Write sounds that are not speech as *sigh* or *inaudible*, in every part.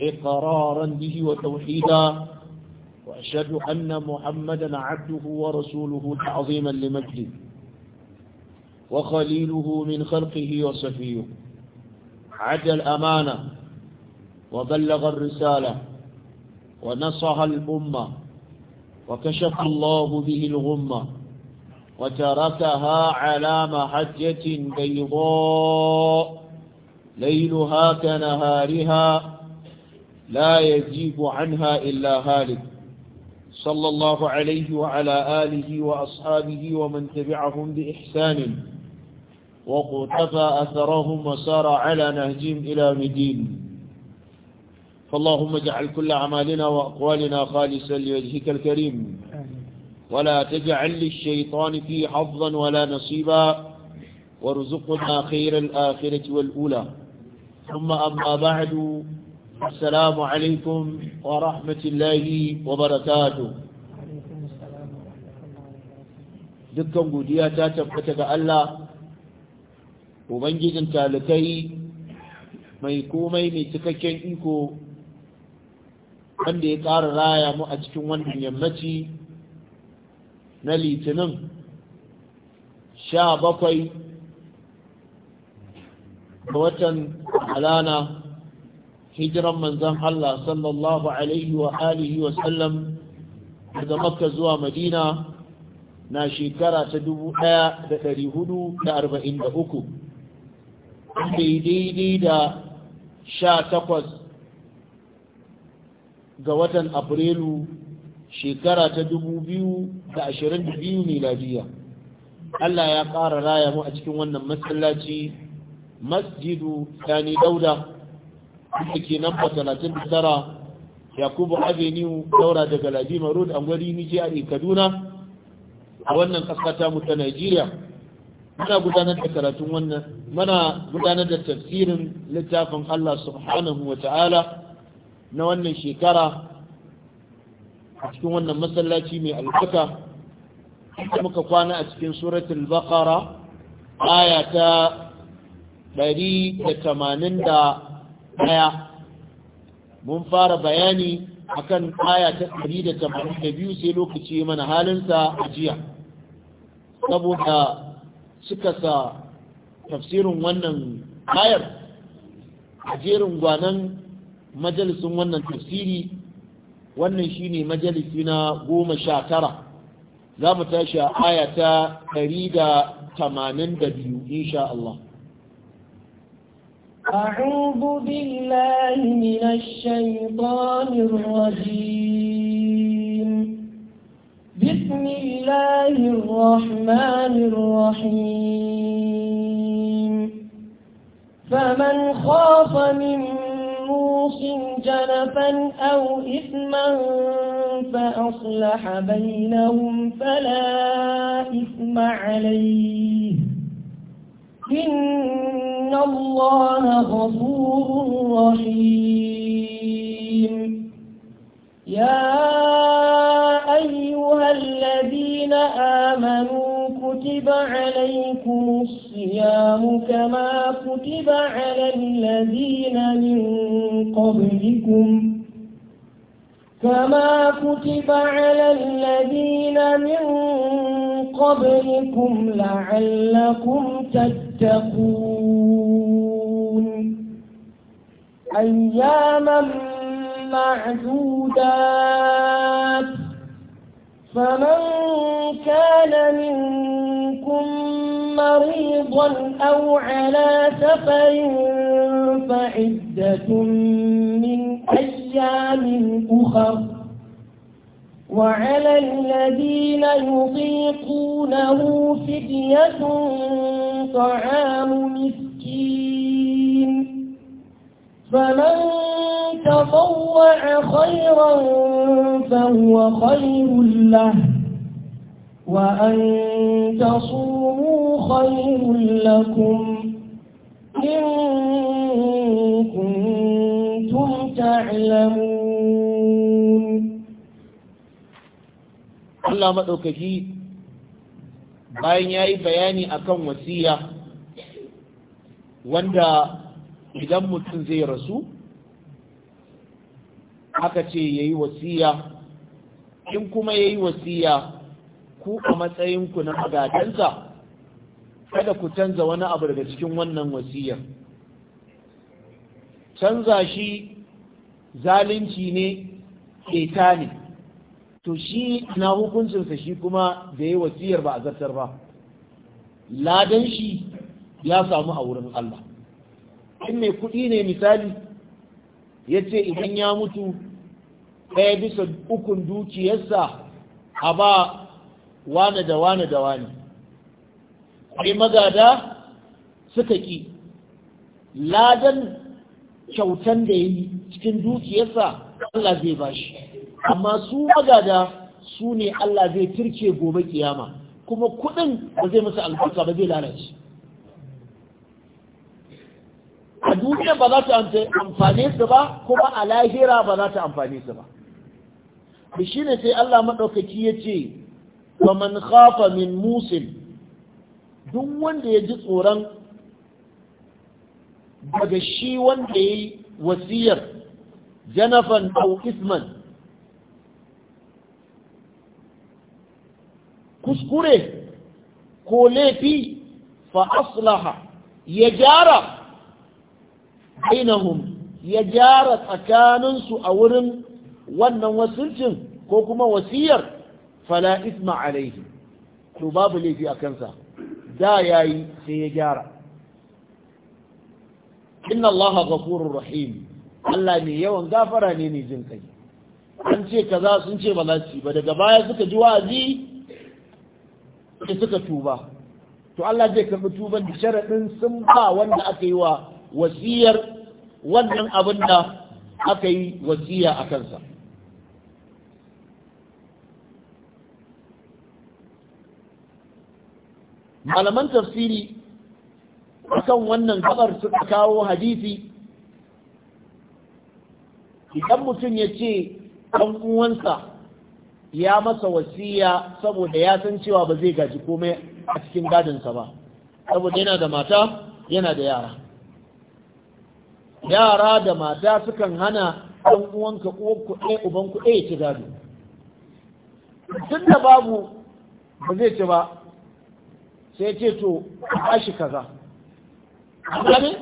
إقرارا به وتوحيدا وأشهد أن محمدا عبده ورسوله تعظيما لمجده وخليله من خلقه وصفيه عد الأمانة وبلغ الرسالة ونصح الأمة وكشف الله به الغمة وتركها على محجة بيضاء ليلها كنهارها لا يجيب عنها إلا هالك صلى الله عليه وعلى آله وأصحابه ومن تبعهم بإحسان وقتفى أثرهم وسار على نهجهم إلى مدين فاللهم اجعل كل عمالنا وأقوالنا خالصا لوجهك الكريم ولا تجعل للشيطان في حظا ولا نصيبا وارزقنا خير الآخرة والأولى ثم أما بعد السلام عليكم ورحمة الله وبركاته dukkan godiya ta tabbata ga Allah ubangijin talikai mai komai mai cikakken iko wanda ya ƙara raya mu a cikin wannan yammaci na litinin sha bakwai ga watan alana hijiran manzan Allah sallallahu alaihi wa alihi wa sallam daga makka zuwa madina na shekara ta dubu ɗaya da ɗari hudu da arba'in da uku daidai da sha takwas ga watan afrilu shekara ta dubu biyu da ashirin da biyu miladiya Allah ya ƙara raya mu a cikin wannan masallaci masjidu sani dauda da ke nan ba talatin da tara yakubu avenue daura daga ladima road a gwari nije a kaduna a wannan kaskata mu ta nigeria muna gudanar da karatun wannan muna gudanar da tafsirin littafin allah subhanahu wa ta'ala na wannan shekara a cikin wannan masallaci mai albarka inda muka kwana a cikin suratul baqara aya ta 186 daya mun fara bayani akan aya ta 182 sai lokaci mana halinsa a jiya saboda suka sa tafsirin wannan ayar a jerin gwanon majalisun wannan tafsiri wannan shine majalisi na goma sha tara za mu tashi a aya ta 182 insha Allah أعوذ بالله من الشيطان الرجيم بسم الله الرحمن الرحيم فمن خاف من موص جنفا أو إثما فأصلح بينهم فلا إثم عليه إن إن الله غفور رحيم يا أيها الذين آمنوا كتب عليكم الصيام كما كتب على الذين من قبلكم كما كتب على الذين من قبلكم لعلكم تتقون أياما معدودات فمن كان منكم مريضا أو على سفر فعدة من أيام أخر وعلى الذين يطيقونه فدية طعام مسكين فمن تطوع خيرا فهو خير له وأن تصوموا خير لكم إن كنتم تعلمون Allah maɗaukaki bayan ya yi bayani akan wasiya wanda idan mutum zai rasu aka ce ya yi wasiya in kuma ya yi wasiya ku a matsayinku na magatansa kada ku canza wani abu daga cikin wannan wasiyar canza shi zalunci ne keta ne to shi na hukuncinsa shi kuma da ya wasiyar ba a zartar ba ladan shi ya samu a wurin Allah in mai kuɗi ne misali ya ce idan ya mutu ɗaya bisa ukun dukiyarsa a ba wane da wane da wane sai magada suka ƙi ladan kyautan da ya yi cikin dukiyarsa Allah zai ba shi amma su magada su ne Allah zai turke gobe kiyama kuma kuɗin ba zai musu albarka ba zai lalace duniya ba za ta amfane su ba kuma a lahira ba za ta su ba da shi ne sai Allah maɗaukaki ya ce Ba man khafa min musin duk wanda ya ji tsoron daga shi wanda ya yi wasiyar janafan au isman kuskure ko laifi fa aslaha ya gyara bainahum ya gyara tsakaninsu a wurin wannan wasilcin ko kuma wasiyar fala isma alaihi to babu laifi a kansa da yayi sai ya gyara inna allaha ghafurur rahim Allah ne yawan gafara ne ne jin kai an ce kaza sun ce ba za su ba daga baya suka ji wa'azi sai suka tuba to Allah zai karbi tuban da sharadin sun ba wanda aka yi wa wasiyar wannan abin da aka yi wasiya a kansa malaman tafsiri kan wannan kabar suka kawo hadisi idan mutum ya ce ɗanuwansa uwansa ya masa wasiya saboda ya san cewa ba zai gaji komai a cikin gadinsa ba saboda yana da mata yana da yara yara da mata sukan hana ɗan uwanka kuɗe uban kuɗe ci gado tun da babu ba zai ci ba sai ce to a bashi kaza gane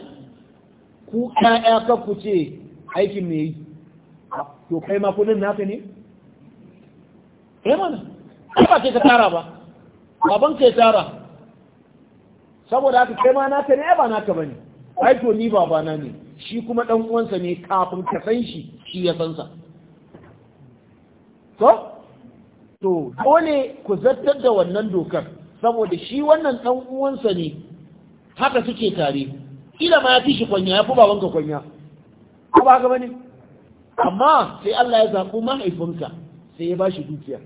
ku ƴaƴa ka ku ce aikin me yi to kai ma kuɗin naka ne eh mana ba ke ka tara ba baban ke tara saboda haka kai ma naka ne ba naka bane ai to ni babana ne shi kuma ɗan uwansa ne kafin ka san shi shi ya san sa to to dole ku zartar da wannan dokar saboda shi wannan ɗan uwansa ne haka suke tare ila ma ya fi shi kwanya ya fi babanka kwanya ko ba haka bane amma sai Allah ya zaɓi mahaifinka sai ya ba shi dukiya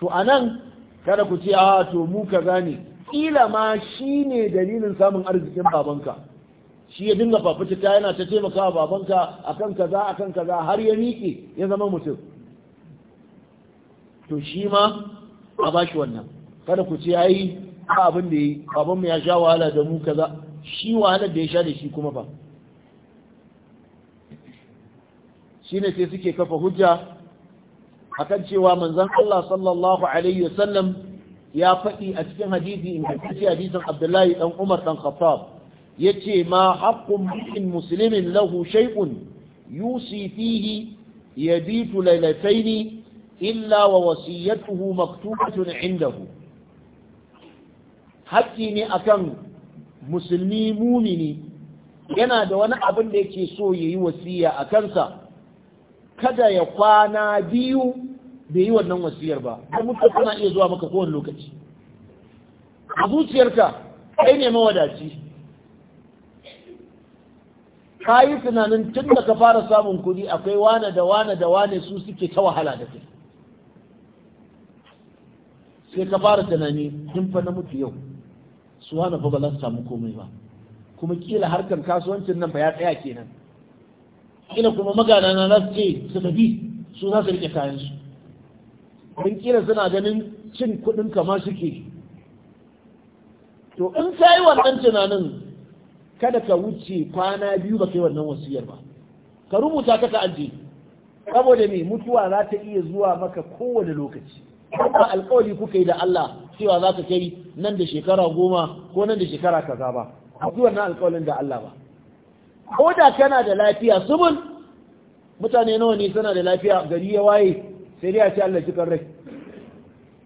to a nan, kada ku ce a ah, to mu ka gane. ila ma shine dalilin samun arzikin babanka shi ya dinga fafutuka yana ta taimakawa babanka akan kaza akan kaza har ya miƙe ya zama mutum to shi ma a bashi wannan kada ku ce ai ba abin da yi babanmu ya sha wahala da mu kaza shi wahalar da ya sha da shi kuma ba ne sai suke kafa hujja akan cewa manzan Allah sallallahu alaihi wasallam ya faɗi a cikin hadisi in hadisi hadisin Abdullahi dan Umar dan Khattab yace ma haqqun bi'in muslimin lahu shay'un yusi fihi yabitu laylatayn illa wa wasiyyatuhu maktubatun indahu haƙƙi ne akan musulmi mumini yana da wani abin da yake so yayi wasiya a kansa kada ya kwana biyu bai yi wannan wasiyar ba har mutum tana iya zuwa maka kowane lokaci a zuciyarka kai ne mawadaci ka yi tunanin tun da ka fara samun kuɗi akwai wane da wane da wane su suke ta wahala da kai sai ka fara tunani tun fa na mutu yau su wane fa ba za su samu komai ba kuma kila harkar kasuwancin nan ba ya tsaya kenan kila kuma magana na za su ce su tafi su za su rike kayan su don kila suna ganin cin kuɗin kama suke to in ka yi wannan tunanin kada ka wuce kwana biyu ba kai wannan wasiyar ba ka rubuta ka ta ajiye saboda me mutuwa za ta iya zuwa maka kowane lokaci ba alkawari kuka yi da Allah cewa za ka kai nan da shekara goma ko nan da shekara kaza ba akwai wannan alkawarin da Allah ba ko da kana da lafiya subul mutane nawa ne suna da lafiya gari ya waye sai dai a ce Allah cikin rai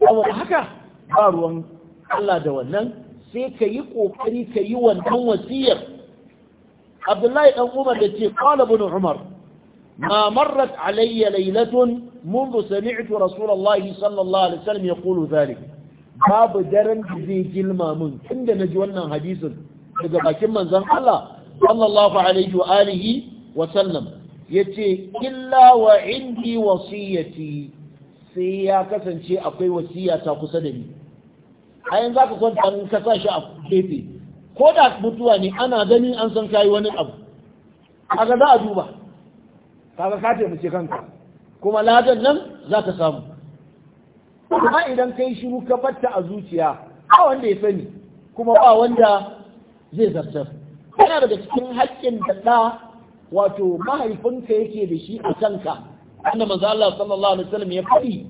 saboda haka ba ruwan Allah da wannan sai ka yi ƙoƙari ka yi wannan wasiyar abdullahi ɗan umar da ce ƙwala bin umar ma marrat alayya lailatun منذ سمعت رسول الله صلى الله عليه وسلم يقول ذلك babu daren da zai gilma min inda ji wannan hadisin daga bakin manzon Allah sallallahu alaihi wa alihi wa sallam yace illa wa indi wasiyati sai ya kasance akwai wasiya ta kusa da ni a yanzu za ka kwanta in ka sa shi a gefe ko da mutuwa ne ana gani an san kayi wani abu kaga za a duba kaga ka muke kanka kuma ladan nan za ka samu kuma idan ka shiru ka batta a zuciya ba wanda ya sani kuma ba wanda zai zartar yana daga cikin haƙƙin da ɗa wato mahaifinka yake da shi a kanka annabi manzo sallallahu alaihi wasallam ya faɗi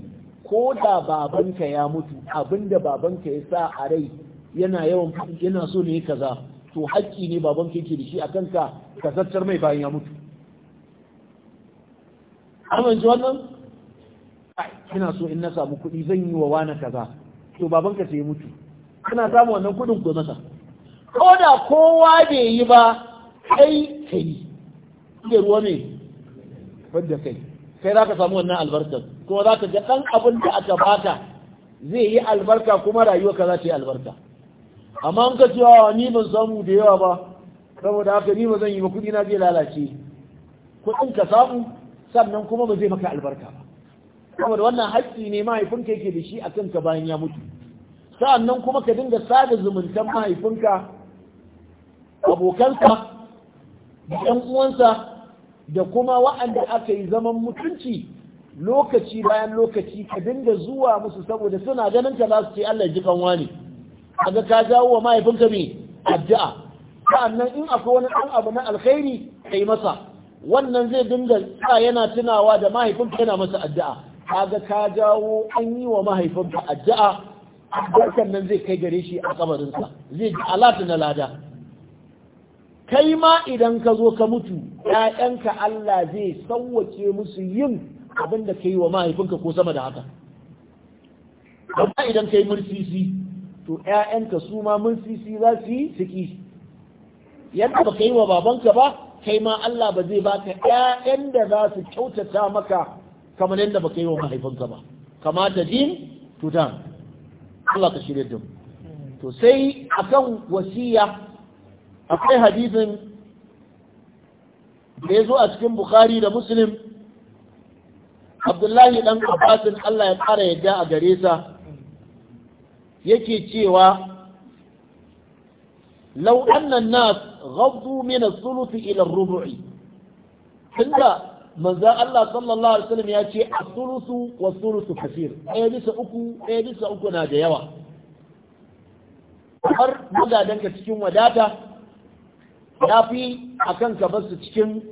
ko da babanka ya mutu abinda babanka ya sa a rai yana yawan yana so ne kaza to haƙƙi ne babanka yake da shi a kanka ka zartar mai bayan ya mutu ji wannan Kina so in na samu kuɗi zan yi wa wani kaza to babanka sai ya mutu kana samu wannan kuɗin ko masa ko da kowa bai yi ba kai kai da ruwa ne wanda kai kai za ka samu wannan albarkar kuma za ka ga ɗan abin da aka bata zai yi albarka kuma rayuwa ka za ta yi albarka amma an ka wa ni ban samu da yawa ba saboda haka ni ba zan yi ba kuɗi na zai lalace kuɗin ka samu sannan kuma ba zai maka albarka ba saboda wannan haƙƙi ne mahaifinka yake da shi a kanka bayan ya mutu sannan kuma ka dinga sada zumuntan mahaifinka abokansa da 'yan uwansa da kuma wa'anda aka yi zaman mutunci lokaci bayan lokaci ka dinga zuwa musu saboda suna ganin ka za su ce Allah ji kanwa ne kaga ka jawo wa mahaifinka me addu'a sa'annan in akwai wani ɗan abu na alkhairi kai masa wannan zai dinga sa yana tunawa da mahaifinka yana masa addu'a kaga ka jawo an yi wa mahaifinka addu'a barkan nan zai kai gare shi a kabarinsa zai ji alatu na lada kai ma idan ka zo ka mutu ‘ya'yanka Allah zai sauwace musu yin abin da ka yi wa mahaifinka ko sama da haka amma idan ka yi mursisi to ‘ya'yanka su ma mursisi za su yi siki yadda ba ka yi wa babanka ba kai ma Allah ba zai baka ‘ya'yan da za su kyautata maka kamar yadda ba ka yi wa mahaifinka ba kamata din tutan Allah ka shirya to sai akan wasiya akwai hadisin da ya zo a cikin bukhari da muslim abdullahi dan abbasin allah ya ƙara yadda a gare sa yake cewa لو أن الناس غضوا من الثلث إلى الربع tunda manzan Allah sallallahu Alaihi wasallam ya ce a sulusu wa sulusu kafir ɗaya bisa uku ɗaya bisa uku na da yawa har magadanka cikin wadata ya fi a kan ka basu cikin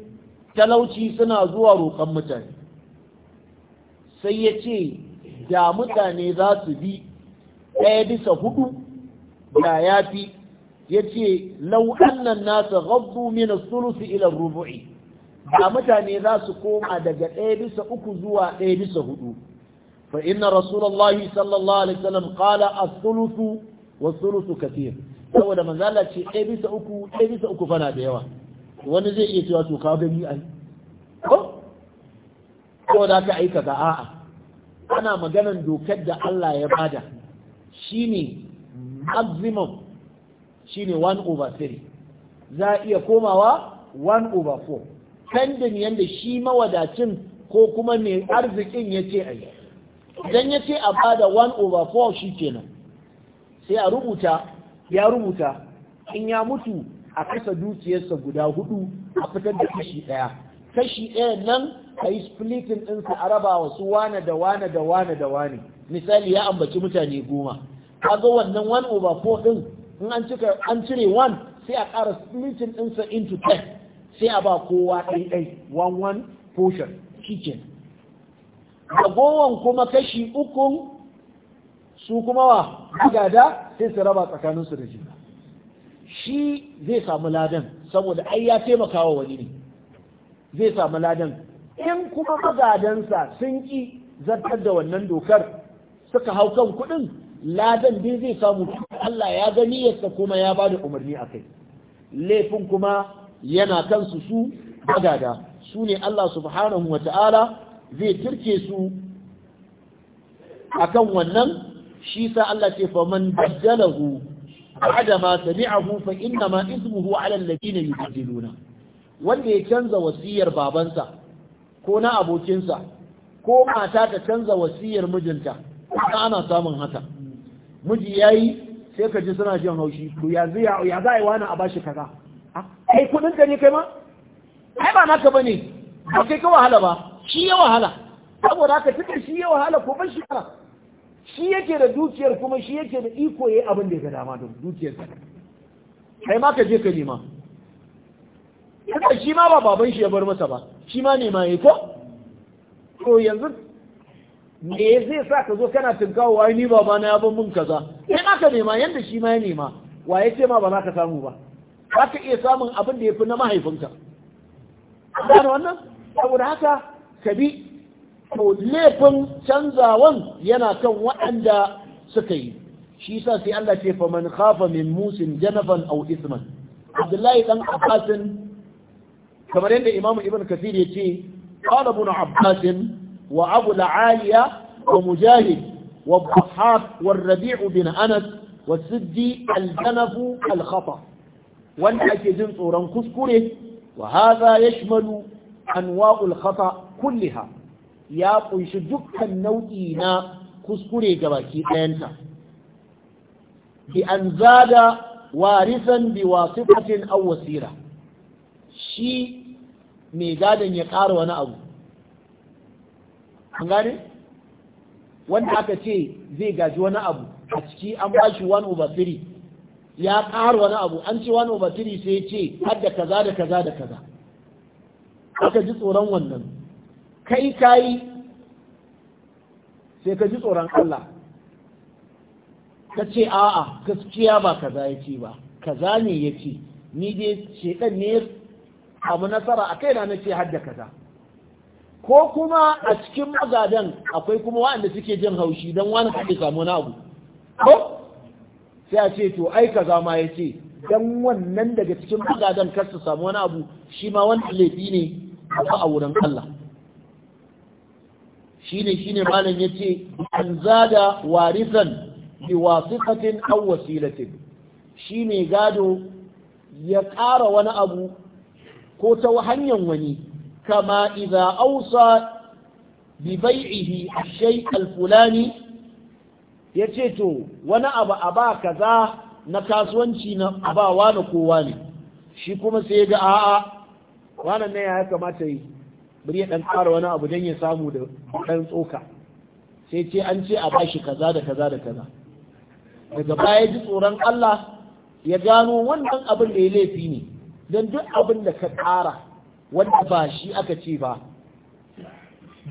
talauci suna zuwa roƙon mutane sai ya ce da mutane za su bi ɗaya bisa hudu da ya fi ya ce lau'annan nasa rabbu mina sulusi ilar rubu'i da mutane za su koma daga ɗaya bisa uku zuwa ɗaya bisa hudu فإن رسول الله صلى sallam عليه a قال الثلث sulusu كثير saboda manzo Allah ce ɗaya bisa uku ɗaya bisa uku fana da yawa wani zai iya cewa to ka ga ni ai ko ko da ka aika ga a'a ana maganan dokar da Allah ya bada shine maximum shine 1 over 3 za iya komawa 1 over 4 pending yanda shi mawadacin ko kuma mai arzikin ya ce a yi idan ya ce a bada 1 over 4 shi kenan sai a rubuta ya rubuta in ya mutu a kasa dukiyarsa guda hudu a fitar da kashi ɗaya, kashi daya nan a yi splitting ɗinsa a raba wa su wane da wane da wane da wane misali ya ambaci mutane goma kaga wannan one over four ɗin in an cika an cire one sai a ƙara splitting ɗinsa into ten, sai a ba kowa ɗaiɗai ɗai one one portion kitchen ragowan kuma kashi ukun su kuma wa da sai su raba tsakaninsu da juna shi zai samu ladan saboda ai ya taimaka wa wani ne zai samu ladan in kuma magadansa sun ki zartar da wannan dokar suka hau kan kuɗin ladan dai zai samu Allah ya gani yadda kuma ya bada umarni a kai laifin kuma yana kansu su magada su ne Allah subhanahu wa ta'ala zai turke su akan wannan shi sa Allah ce fa man baddalahu ba'da ma sami'ahu fa inna ma ismuhu 'ala alladhina yubaddiluna wanda ya canza wasiyar babansa ko na abokinsa ko mata ta canza wasiyar mijinta ana samun haka miji yayi sai ka ji suna jin haushi to yanzu ya za a yi wani a bashi kaza ah, kai kudin ka ne kai ma ai ba naka bane ba kai ka wahala ba shi ya wahala saboda haka tuka shi ya wahala ko ban shi ba. shi yake da dukiyar kuma shi yake da iko yayi abin da ya ga dama da dukiyar kai ma ka je ka nema haka shi ma ba baban shi ya bar masa ba shi ma nema yayi ko to yanzu me zai sa ka zo kana tunkawo wa? ni baba na ya ban mun kaza kai ma ka nema yanda shi ma ya nema wa ya ce ma ba za ka samu ba za ka iya samun abin da ya fi na mahaifinka gane wannan saboda haka ka bi to laifin canzawan yana kan waɗanda suka yi shi sa sai Allah ce fa man khafa min musin janaban aw isman Abdullahi dan Abbas kamar yadda Imam Ibn Kathir ya ce qala ibn Abbas wa Abu aliya wa Mujahid wa Bukhab wa Rabi' bin Anas wa Siddi al-Janab al-khata wanda ake jin tsoron kuskure wa hadha yashmalu anwa'ul khata kullaha ya ƙunshi dukkan nau'i na kuskure ga baki ɗayanta bi an zada warisan bi wasifatin aw wasira shi mai gadon ya ƙara wani abu an gane wanda aka ce zai gaji wani abu a ciki an ba shi wani three, ya ƙara wani abu an ce wani three sai ce har da kaza da kaza da kaza aka ji tsoron wannan kai kayi sai ka ji tsoron Allah ka ce a'a gaskiya ba kaza yake ba kaza ne yake ni dai shedan ne abu nasara a kai na ce hadda kaza ko kuma a cikin magadan akwai kuma waɗanda suke jin haushi don wani haɗe samu na abu ko sai a ce to ai kaza ma ya ce don wannan daga cikin magadan kar su samu wani abu shi ma wani laifi ne a wurin Allah shine shine malam yace an da warisan bi wasiqatin aw wasilatin shine gado ya ƙara wani abu ko ta hanyar wani kama idza awsa bi bai'ihi shay al-fulani yace to wani abu a ba kaza na kasuwanci na abawa na kowa ne shi kuma sai ga a'a wannan ne ya kamata yi bari ya dan fara wani abu don ya samu da ɗan tsoka sai ce an ce a bashi kaza da kaza da kaza daga baya ji tsoron Allah ya gano wannan abin da ya laifi ne don duk abin da ka tsara. wanda ba shi aka ce ba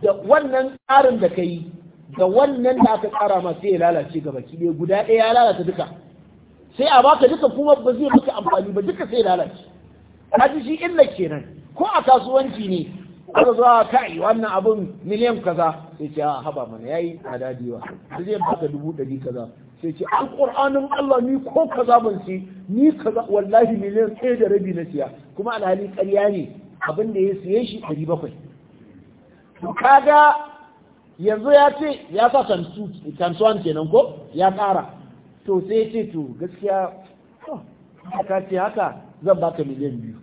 da wannan tsarin da ka yi da wannan da aka tsara ma sai ya lalace gaba ki ɗaya guda ɗaya ya lalata duka sai a baka duka kuma ba zai maka amfani ba duka sai lalace kaji shi illa kenan ko a kasuwanci ne aka zo a kai wannan abin miliyan kaza sai ce a ah, haba mana yayi tsada diwa sai zai baka dubu ɗari kaza sai ce alƙur'anin Allah ni ko kaza ban ci ni kaza wallahi miliyan ɗaya da rabi na siya kuma alhali ƙarya ne abin da ya siye shi ɗari bakwai kaga yanzu ya ce ya sa tansuwan kenan ko ya ƙara to sai ya ce to gaskiya ka ce haka zan baka miliyan biyu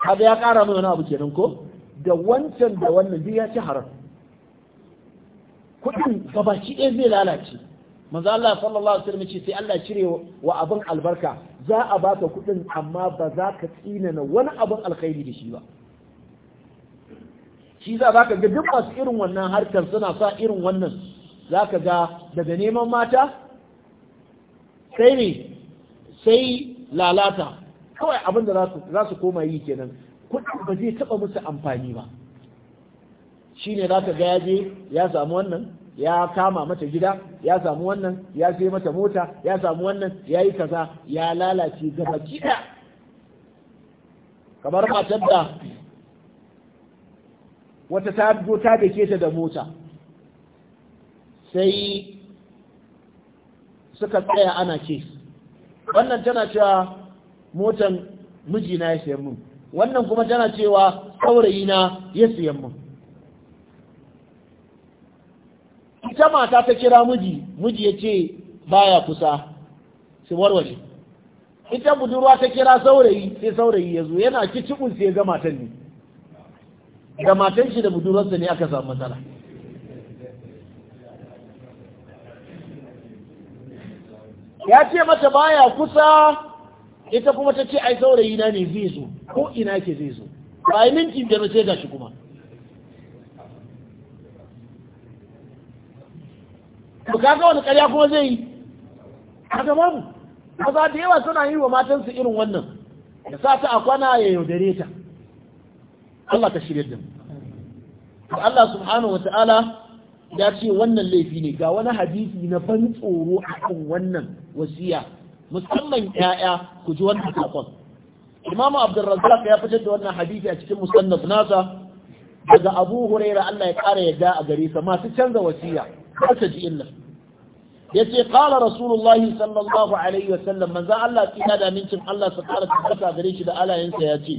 kaga ya ƙara mai wani abu kenan ko da wancan da wannan duk ya ci haram kudin gabaci ɗaya zai lalace Maza Allah sallallahu alaihi wasallam sai Allah cire wa abin albarka za a baka kudin amma ba za ka tsinana wani abin alkhairi da shi ba shi za ka ga duk masu irin wannan harkar suna sa irin wannan ka ga daga neman mata sai ne sai lalata kawai abin da za su koma yi kenan kuɗi ba zai taɓa musu amfani ba shi ne za ka ga ya je ya samu wannan ya kama mata gida ya samu wannan ya je mata mota ya samu wannan ya yi kaza ya lalace gaba kiɗa kamar matar da wata ta ta da ke ta da mota sai suka tsaya ana ce wannan tana cewa motan mijina ya sayi mun wannan kuma tana cewa saurayi na ya siyan mu ita mata ta kira miji miji ya ce baya kusa su warware ita budurwa ta kira saurayi sai saurayi ya zo yana kicibin sai ga matan ne ga matan shi da budurwarsa ne aka samu matsala ya ce mata baya kusa ita kuma ta ce ai saurayi na ne zai zo ko ina ke zai zo ba yi minti biyar sai shi kuma ba ga wani karya kuma zai yi kaga babu maza da yawa suna yi wa matansu irin wannan da sa ta akwana ya yaudare ta Allah ta shirya da mu Allah subhanahu wa ta'ala ya ce wannan laifi ne ga wani hadisi na ban tsoro a akan wannan wasiya musamman 'ya'ya ku ji wannan sakon Imam Abdurrazzaq ya fitar da wannan hadisi a cikin musannaf nasa daga Abu Huraira Allah ya ƙara yadda a gare sa masu canza wasiya har ta ji illa yace qala rasulullahi sallallahu alaihi wasallam manzo Allah ki da mincin Allah su ƙara tabbata gare shi da alayensa ya ce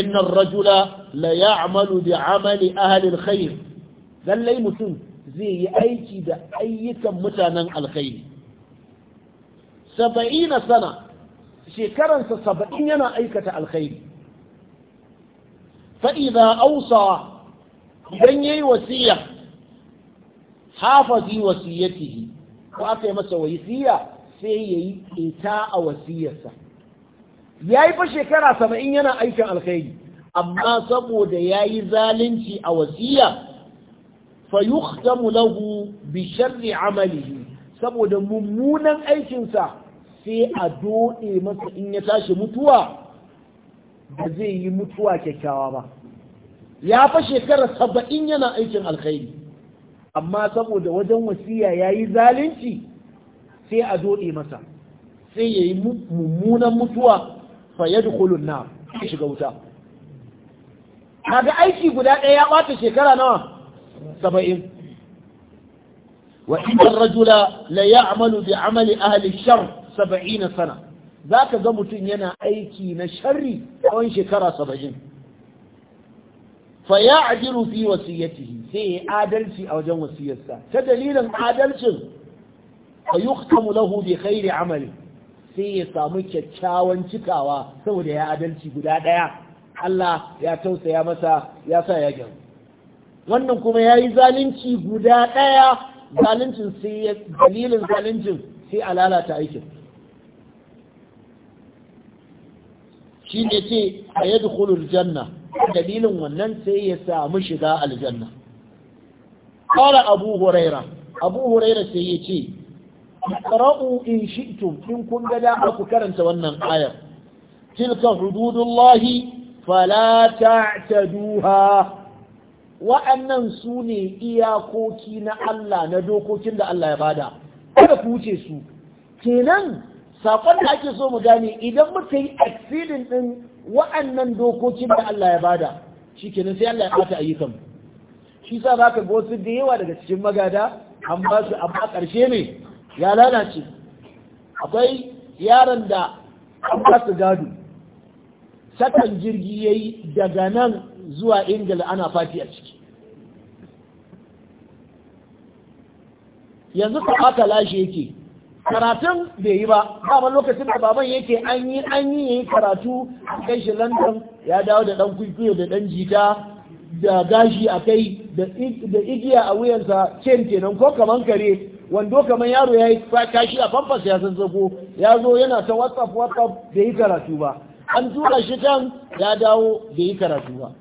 inna ar-rajula la ya'malu bi 'amali ahli al-khair lallai mutum zai yi aiki da ayyukan mutanen alkhairi saba'ina sana shekaransa saba'in yana aikata alkhairi fa'iza ausa idan ya yi wasiya hafazi wasiyatihi ko aka yi masa wasiya sai ya yi ita a wasiyarsa ya yi fa shekara saba'in yana aikin alkhairi amma saboda ya yi zalunci a wasiya fa yukhtamu lahu bi sharri amalihi saboda mummunan aikinsa sai a doɗe masa in ya tashi mutuwa ba zai yi mutuwa kyakkyawa ba ya fa shekara saba'in yana aikin alkhairi amma saboda wajen wasiya ya yi zalunci sai a doɗe masa sai ya yi mummunan mutuwa fa ya dukulun na shiga wuta kaga aiki guda ɗaya ya ɓata shekara nawa saba'in wa idan rajula la ya'malu bi amali ahli shar saba'ina sana za ka ga mutum yana aiki na sharri tsawon shekara saba'in fa ya ajiru fi wasiyyatihi sai ya adalci a wajen wasiyarsa ta dalilin adalcin fa yuhkamu lahu bi khairi amali sai ya samu kyakkyawan cikawa saboda ya adalci guda daya Allah ya tausaya masa ya sa ya gyaru wannan kuma ya yi zalunci guda daya zaluncin sai dalilin zaluncin sai a lalata aikin shi ne ce a yadda kulur janna dalilin wannan sai ya samu shiga aljanna ƙara abu huraira abu huraira sai ya ce ƙara'u in shi'tum in kun ga da ku karanta wannan ayar tilka hududullahi fala ta'taduha wa'annan su ne iyakoki na Allah na dokokin da Allah ya bada kada ku wuce su kenan sakon da ake so mu gane idan muka yi exceeding ɗin wa'annan dokokin da Allah ya bada shi kenan sai Allah ya bata ayyukan shi sa zaka ga wasu da yawa daga cikin magada an ba su amma karshe ne ya lalace akwai yaron da an ba su gado sakan jirgi ya yi daga nan zuwa Ingila ana fati a ciki yanzu ka aka lashe yake karatun bai yi ba dama lokacin da baban yake an yi an yi karatu a kai shi london ya dawo da dan kwikwiyo da dan jita da gashi a kai da igiya a wuyansa cen kenan ko kaman kare wando kaman yaro ya yi kashi a famfas ya zazzago ya zo yana ta whatsapp whatsapp bai yi karatu ba an tura shi can ya dawo bai yi karatu ba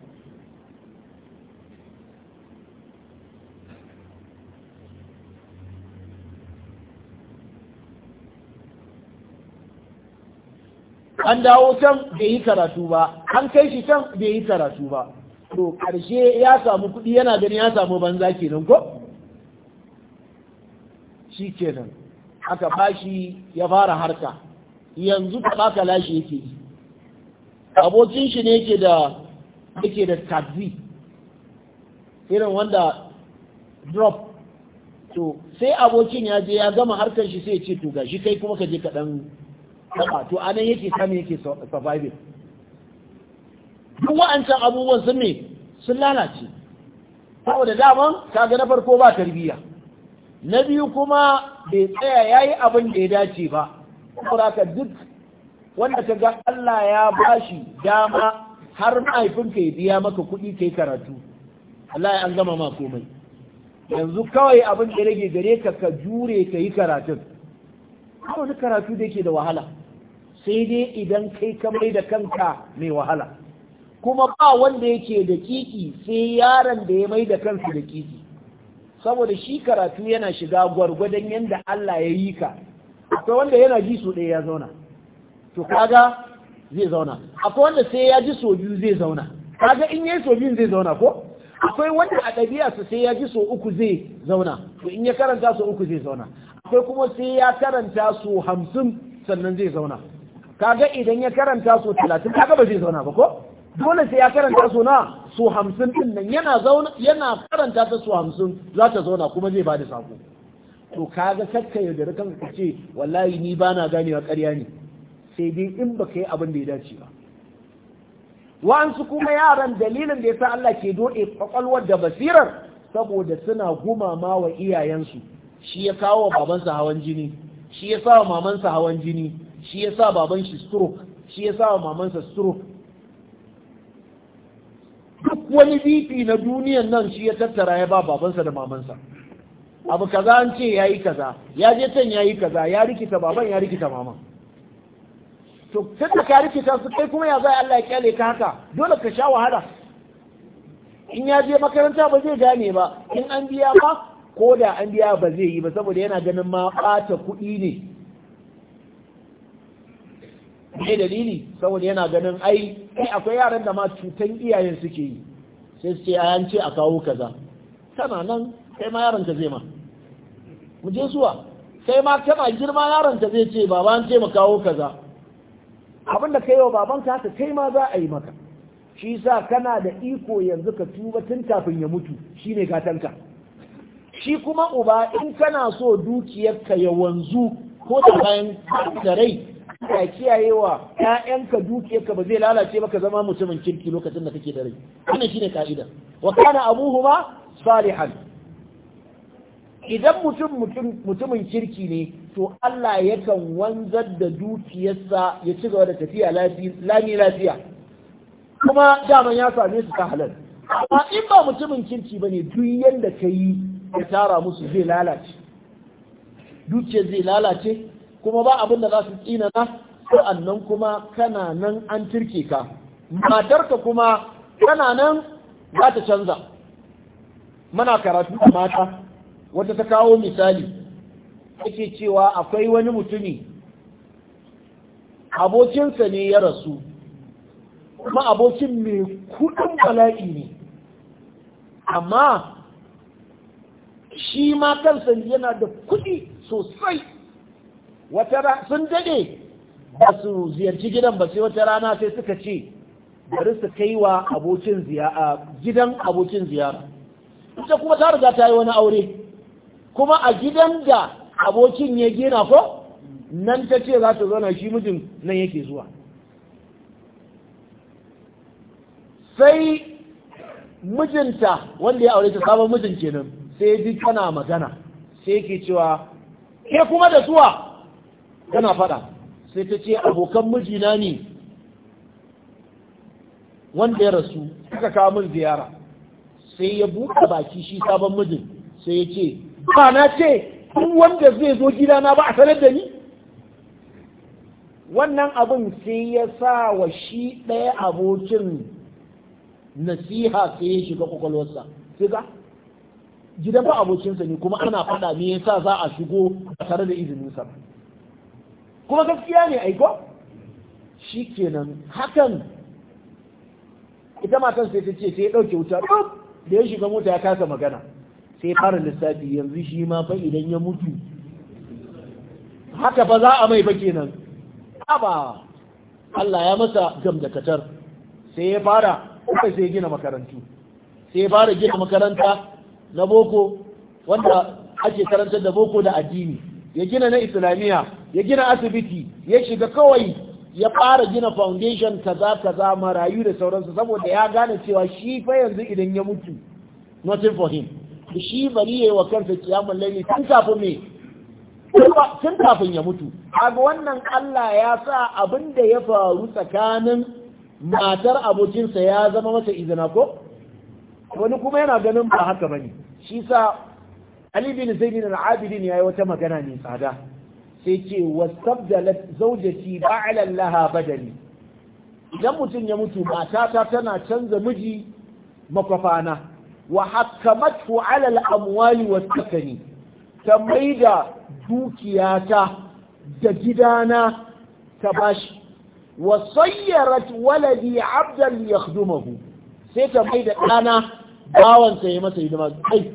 an dawo can bai yi karatu ba an kai shi can bai yi karatu ba to karshe ya samu kuɗi yana gani ya samu banza kenan ko shi kenan aka bashi ya fara harka yanzu ta baka lashi yake yi abokin shi ne yake da yake da taxi irin wanda drop to sai abokin ya je ya gama harkar shi sai ya ce to gashi kai kuma ka je ka dan kama to anan yake sami yake surviving duk wa'ancan abubuwan sun ne sun lalace saboda daman kaga na farko ba tarbiyya na biyu kuma bai tsaya yi abin da ya dace ba saboda duk wanda ka ga Allah ya bashi dama har mahaifinka ya biya maka kuɗi kai karatu Allah ya an gama ma komai yanzu kawai abin da rage gare ka ka jure ka yi karatun wani karatu da yake da wahala sai dai idan kai ka mai da kanka mai wahala kuma ba wanda yake da kiki sai yaron da ya mai da kansa da kiki saboda shi karatu yana shiga gwargwadon yadda Allah ya yi ka akwai wanda yana ji so ɗaya ya zauna to kaga zai zauna akwai wanda sai ya ji so biyu zai zauna kaga in yayi so biyun zai zauna ko akwai wanda a su sai ya ji so uku zai zauna to in ya karanta so uku zai zauna akwai kuma sai ya karanta so hamsin sannan zai zauna kaga idan ya karanta so talatin kaga ba zai zauna ba ko dole sai ya karanta so na so hamsin din nan yana zauna yana karanta ta so hamsin za ta zauna kuma zai bada sako to kaga sakka dare kan ka ce wallahi ni bana ganewa ƙarya ne sai dai in baka yi abin da ya dace ba wa'ansu kuma yaran dalilin da yasa Allah ke doɗe kwakwalwar da basirar saboda suna gumama wa iyayensu shi ya kawo wa babansa hawan jini shi ya sa wa mamansa hawan jini shi ya sa baban shi stroke shi ya sa mamansa stroke duk wani bifi na duniyan nan shi ya tattara ya ba babansa da mamansa abu kaza an ce ya yi kaza ya je can ya yi kaza ya rikita baban ya rikita maman to kada ka rikita su kai kuma ya zai Allah ya kyale ka haka dole ka sha wahala in ya je makaranta ba zai gane ba in an biya ba ko da an biya ba zai yi ba saboda yana ganin ma ɓata kuɗi ne me dalili saboda yana ganin ai kai akwai yaran da ma cutan iyayen suke yi sai su ce ayan ce a kawo kaza kana nan kai ma yaron ka zai ma mu je zuwa kai ma kana girma yaron ka zai ce baba an ce mu kawo kaza abin da kai wa baban ka haka kai ma za a yi maka shi yasa kana da iko yanzu ka tuba tun kafin ya mutu shine gatanka shi kuma uba in kana so ka ya wanzu ko da bayan da rai ka kiyayewa ƴaƴanka dukiyarka ba zai lalace maka zama mutumin kirki lokacin da kake da rai wannan shine ka'ida wa kana abuhuma salihan idan mutum mutumin kirki ne to Allah yakan wanzar da dukiyarsa ya ci gaba da tafiya lami lafiya kuma daman ya same su ta halal amma in ba mutumin kirki bane duk yanda ka yi ka tara musu zai lalace dukiyar zai lalace kuma ba abin da za su tsina na sa'annan kuma kana nan an turke ka matarka kuma kana nan za ta canza mana karatu a mata wata ta kawo misali yake cewa akwai wani mutumi abokinsa ne ya rasu kuma abokin mai kudin bala'i ne amma shi ma kansa yana da kudi sosai wata sun dade ba su ziyarci gidan ba sai wata rana sai suka ce bari su kai wa abokin ziyara gidan abokin ziyara ita kuma ta riga ta yi wani aure kuma a gidan da abokin ya gina ko nan ta ce za ta zauna shi mijin nan yake zuwa sai mijinta wanda ya aure ta sabon mijin kenan sai ya ji kana magana sai yake cewa ke kuma da suwa tana faɗa sai ta ce abokan mijina ne wanda ya rasu suka kawo min ziyara sai ya buɗa baki shi sabon mijin sai ya ce ba na ce duk wanda zai zo gidana ba a sanar da ni wannan abin sai ya sa wa shi ɗaya abokin nasiha sai ya shiga kwakwalwarsa sai ga gidan ba abokinsa ne kuma ana faɗa me yasa za a shigo a tare da izininsa kuma gaskiya ne aiko shi kenan hakan ita matan sai ta ce sai ya ɗauke wuta ɗuk da ya shiga mota ya kasa magana sai fara lissafi yanzu shi ma fa idan ya mutu haka ba za a mai ba kenan ba. Allah ya masa gamdakatar sai ya fara kuma sai gina makarantu sai ya fara gina makaranta na boko wanda ake karantar da boko da addini ya gina na islamiyya ya gina asibiti ya shiga kawai ya fara gina foundation kaza kaza marayu da sauransu saboda ya gane cewa shi fa yanzu idan ya mutu nothing for him shi bari yayi wa kansa kiyamun laili tun kafin me tun kafin ya mutu kaga wannan Allah ya sa abin da ya faru tsakanin matar abokinsa ya zama masa izina ko wani kuma yana ganin ba haka bane shi sa Ali bin Zaid bin al-Abidin yayi wata magana ne tsada sai ce wastabdalat zawjati ba'lan laha badali idan mutum ya mutu matata tana canza miji makwafana wa hakkamatu ala al-amwali ta sakani ta maida dukiyata da gidana ta bashi wa sayyarat waladi abdan yakhdumahu sai ta maida ɗana bawansa ya masa hidima kai.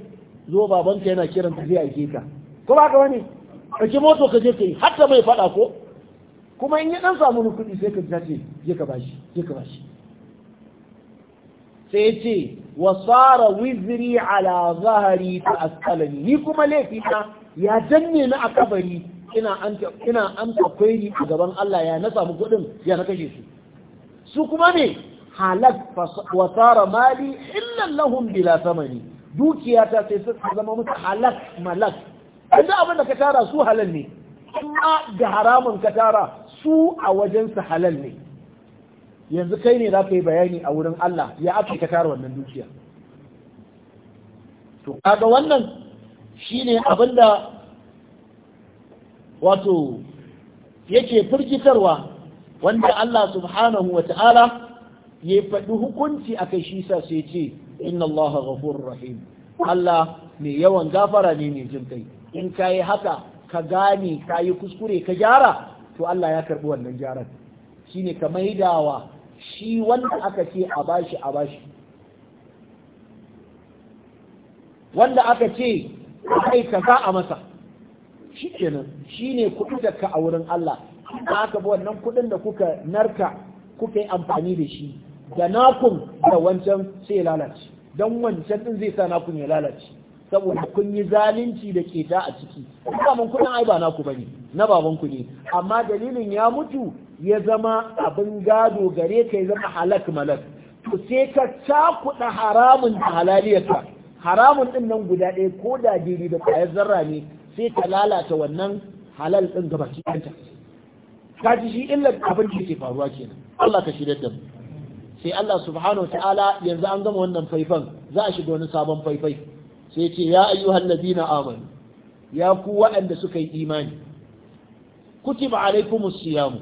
zo babanka yana kiran zai aike ka ko ba ka wani ɗauki moto ka je ka hatta mai fada ko kuma in ya ɗan samu ni kuɗi sai ka zace je ka bashi je ka bashi sai ce wa sara wiziri ala zahari ta askalani ni kuma ta ya danne ni a kabari ina amsa kwairi a gaban Allah ya na samu kuɗin ya na kashe su su kuma ne halak wa sara mali illan lahum bila samani dukiyata sai suka zama musu halak malak duk abin da ka tara su halal ne amma da haramun ka tara su a wajen su halal ne yanzu kai ne za ka yi bayani a wurin Allah ya aka ka tara wannan dukiya to kaga wannan shine abin da wato yake firgitarwa wanda Allah subhanahu wa ta'ala ya faɗi hukunci a kai shi sa sai ce inna Allah ghafurur rahim Allah mai yawan gafara ne mai jin kai in ka yi haka ka gane ka yi kuskure ka gyara to Allah ya karbi wannan gyaran shine ka maidawa shi wanda aka ce a bashi a bashi wanda aka ce kai ka za a masa shi kenan ne kuɗi da ka a wurin Allah aka bi wannan kuɗin da kuka narka kuka yi amfani da shi da nakun da wancan sai lalace don wancan din zai sa nakun ya lalace saboda kun yi zalunci da keta a ciki kaman kudin ai ba naku bane na ku ne amma dalilin ya mutu ya zama abin gado gare ka ya zama halak malak to sai ka cakuɗa haramun da halaliyarka haramun din nan guda ɗaya ko da daidai da kwayar zarra ne sai ka lalata wannan halal din gaba cikinta ka ji shi illar abin da yake faruwa kenan Allah ka shirya da mu sai Allah subhanahu wa ta'ala yanzu an gama wannan faifan za a shiga wani sabon faifai sai ce ya ayyuhal ladina amanu ya ku waɗanda suka yi imani kutiba alaikumus siyamu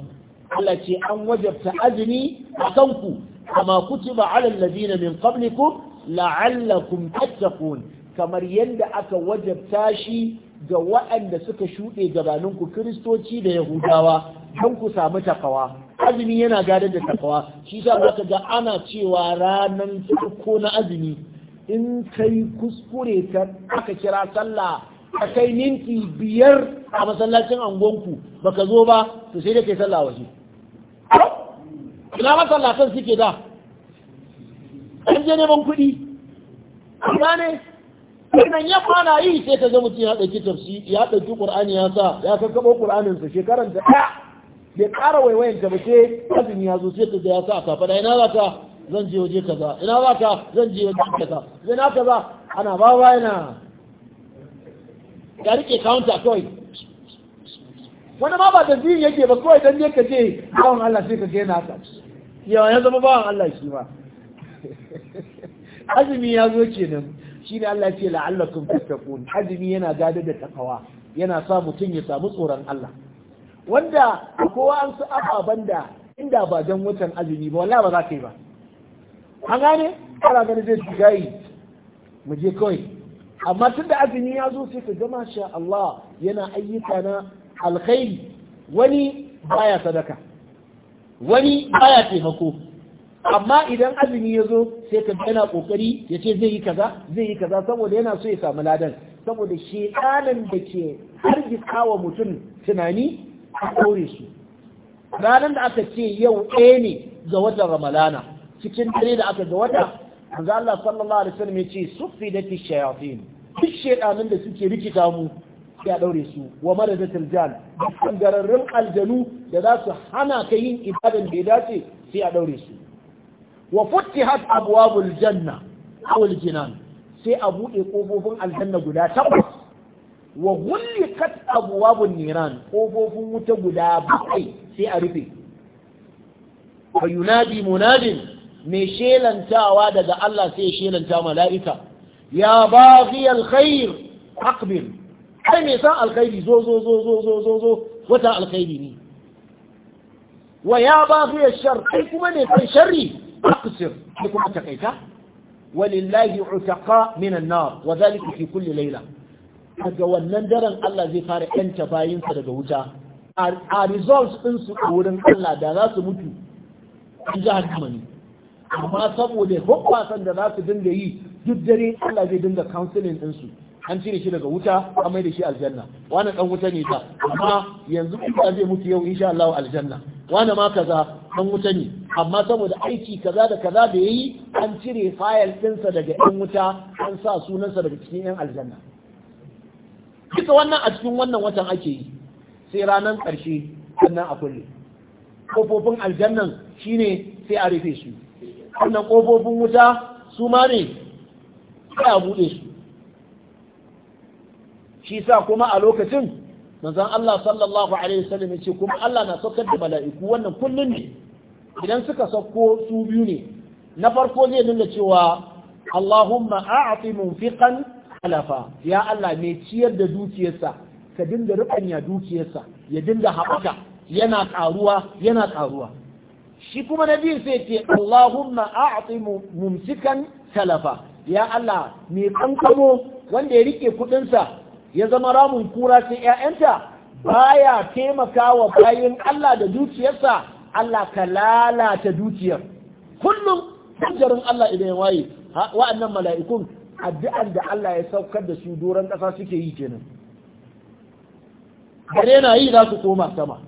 Allah ce an wajabta azumi a kanku kama kutiba ala alladhina min qablikum la'allakum tattaqun kamar yadda aka wajabta shi ga waɗanda suka shuɗe gabaninku kiristoci da yahudawa don ku samu takawa azumi yana gadar da takawa shi sa zaka ga ana cewa ranar farko na azumi in kai kuskure ka aka kira sallah ka kai minti biyar a masallacin angonku baka zo ba to sai da kai sallah waje ina masallatan suke da an je neman kuɗi amma ne Idan ya fara yi sai ka zama mutum ya ɗauki tafsi ya ɗauki ƙur'ani ya sa ya san kaɓo ƙur'aninsa shekaran da ɗaya bai ƙara waiwayen ta ba sai azumi ya zo sai ka ya sa a kafa da ina za ta? zan je waje ka za ina ba ka zan je waje ka za ina ka ba ana ba ba yana ya rike counter kawai wani ma ba da tafiyin yake ba kawai dan je ka je bawan Allah sai ka je na ka yawa ya zama bawan Allah shi ba. *laughs* azumi ya zo kenan ne Allah ce la'allakum tattakun azumi yana gada da takawa yana sa mutum ya samu tsoron Allah wanda kowa an su ababen da inda ba don watan azumi ba wallahi ba za ka yi ba an gane ana ganin zai jigayi mu je kawai amma tun da azumi ya zo sai ka gama sha Allah yana ayyuka na alkhairi wani baya sadaka wani baya taimako amma idan azumi ya zo sai ka yana kokari ya ce zai yi kaza zai yi kaza saboda yana so ya samu ladan saboda shekanan da ke hargitsa wa mutum tunani a kore su ranar da aka ce yau ɗaya ne ga watan ramalana cikin dare da aka ga wata manzo Allah sallallahu alaihi wasallam yace suffidati shayatin duk shedanin da suke rikita mu ya daure su wa maradatul jan dukkan gararrun aljanu da za su hana ka yin ibadan da ya dace sai a daure su wa futihat abwabul janna aw aljinan sai a bude kofofin aljanna guda takwas wa gullikat abwabun niran kofofin wuta guda bakwai sai a rufe fa yunadi munadin mai shelantawa daga Allah sai ya shelanta mala'ika ya baghi alkhair aqbil kai mai san alkhairi zo zo zo zo zo zo zo wata alkhairi ne wa ya baghi shar. kai kuma ne san sharri aqsir kai kuma takaita walillahi utaqa min an-nar wa dhalika fi kulli layla daga wannan daren Allah zai fara yanta bayinsa daga wuta a results ɗinsu a wurin Allah da za su mutu an jihar kamani amma saboda wasan da za su dinga yi duk dare Allah zai dinga counseling ɗinsu an cire shi daga wuta an mai da shi aljanna wani ɗan wuta ne ta amma yanzu kuma zai mutu yau insha Allah aljanna wani ma kaza ɗan wuta ne amma saboda aiki kaza da kaza da yayi an cire fayil ɗinsa daga ɗan wuta an sa sunansa daga cikin ƴan aljanna Kisa wannan a cikin wannan watan ake yi sai ranar ƙarshe sannan a kulle kofofin aljannan shine sai a rufe su wannan kofofin wuta su ma ne ya buɗe su shi sa kuma a lokacin manzon Allah sallallahu alaihi wasallam ya ce kuma Allah na saukar da mala'iku wannan kullun ne idan suka sauko su biyu ne na farko zai nuna cewa Allahumma a'ti munfiqan alafa ya Allah mai ciyar da dukiyarsa ka dinda rubanya dukiyarsa ya dinda haɓaka yana ƙaruwa yana ƙaruwa shi kuma na biyu sai ce Allahumma a'ti mumsikan talafa ya Allah mai kankamo wanda ya rike sa ya zama ramun kura sai ƴaƴanta baya wa bayin Allah da dukiyarsa Allah ka lalata dukiyar kullum hujjarin Allah idan ya waye wa'annan mala'ikun addu'an da Allah ya saukar da su doron kasa suke yi kenan gare na yi za su koma sama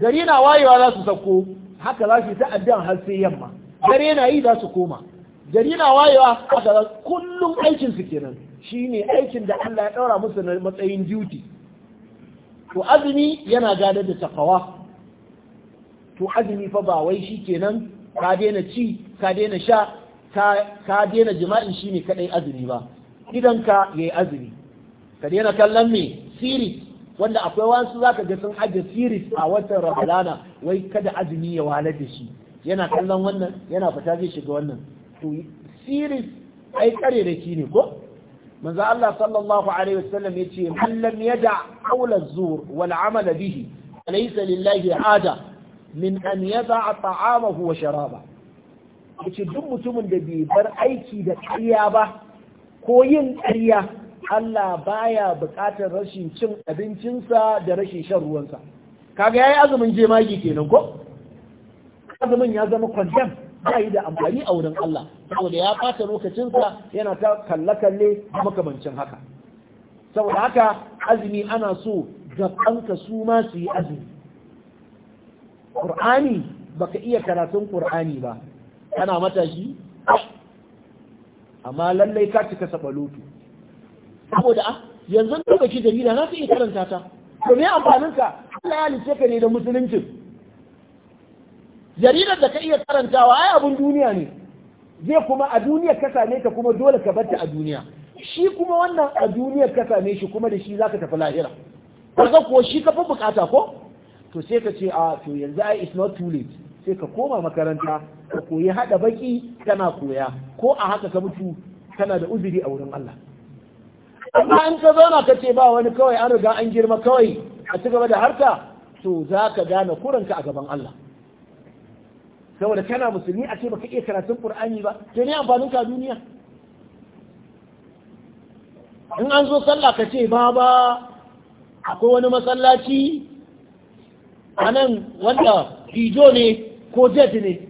gari na wayewa za su sauko haka za su yi ta har sai yamma dare na yi za su koma Dare na wayewa haka za kullum aikin su kenan shine aikin da Allah ya daura musu na matsayin duty to azumi yana gadar da takawa to azumi fa ba wai shi kenan ka daina ci ka daina sha ka daina jima'in shine kadai azumi ba idan ka yayi azumi ka daina kallon me siri wanda akwai wasu zaka ga sun ajiye siris a watan ramadana wai kada azumi ya wahalar da shi yana kallon wannan yana fita zai shiga wannan to series ai kare da ne ko manzo Allah sallallahu alaihi wasallam yace man lam yada qawl zur wal amala bihi laysa lillahi ada min an yada ta'amahu wa sharaba yace duk mutumin da bai bar aiki da ƙarya ba ko yin ƙarya Allah baya buƙatar rashin cin abincinsa da rashin shan ruwansa kaga yayi azumin jemagi kenan ko azumin ya zama kwandam ba yi da amfani a wurin Allah saboda ya fata lokacinsa yana ta kalle-kalle makamancin haka saboda haka azumi ana so gabanka su ma su yi azumi ƙur'ani baka iya karatun ƙur'ani ba kana matashi amma lallai ka cika sabalutu. saboda a ah, yanzu da jarida za ka iya karanta ta to me amfanin ka Allah ya lice ka ne da musulunci jaridar da ka iya karantawa ai abun duniya ne zai kuma a duniya ka same ta kuma dole ka barta a duniya shi kuma wannan a duniya ka same shi kuma da shi za ka tafi lahira kaga ko shi ka fi bukata ko to sai ka ce a ah, to yanzu ai it's not too late sai ka koma makaranta ka koyi hada baki kana koya ko a haka ka mutu kana da uzuri a wurin Allah amma in ka zauna ka ce ba wani kawai an riga an girma kawai a ci gaba da harka to za ka gane kuranka a gaban Allah saboda kana musulmi a ce baka iya karatun Qur'ani ba to ne amfanin ka duniya in an zo sallah ka ce ba ba akwai wani masallaci anan nan wanda fijo ne ko jet ne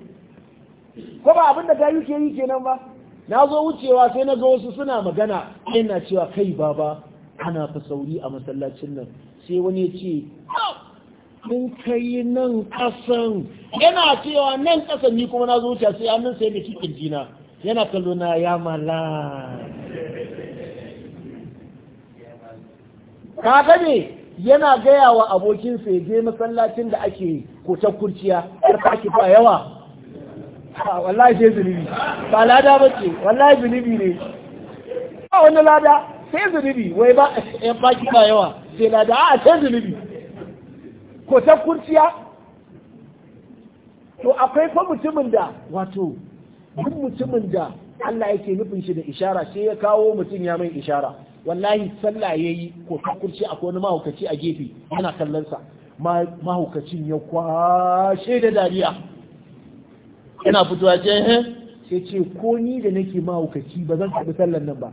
ko ba abin da gayu ke yi kenan ba na zo wucewa sai na ga wasu suna magana ina cewa kai baba ana fa a masallacin nan sai wani ya ce mun kai nan kasan yana cewa nan kasan ni kuma na zo wucewa sai hannun sai da cikin jina yana kallo na ya mala kaga ne yana gaya wa abokinsa ya je masallacin da ake kotar kurciya har ba yawa Ah, wallahi sai zunubi ba lada ba ce wallahi zunubi ne ba wani lada sai zunubi wai ba yan eh, baki ba yawa sai lada a sai zunubi ko ta kurciya to akwai fa mutumin da wato duk mutumin da Allah yake nufin shi da ishara sai ya kawo mutum ya mai ishara wallahi sallah yayi ko ta kurci akwai wani mahaukaci a gefe yana kallon sa mahaukacin ya kwashe da dariya yana fitowa ce he eh, eh. ce ce ko ni da nake mahaukaci ba zan karɓi sallan nan ba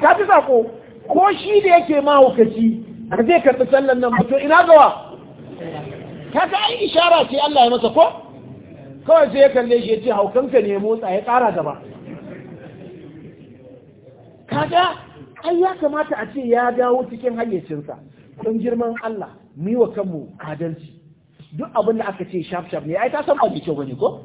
ka fi sako ko shi da yake mahaukaci ba zai karɓi sallan nan ba to ina gawa ga ai ishara ce Allah ya masa ko kawai sai ya kalle shi ya ce haukanka ne motsa ya tsara gaba kaga ai ya kamata a ce ya dawo cikin hayyacinsa don girman Allah mu yi wa kanmu adalci duk abin da aka ce sharp sharp ne ai ta san ba kyau bane ko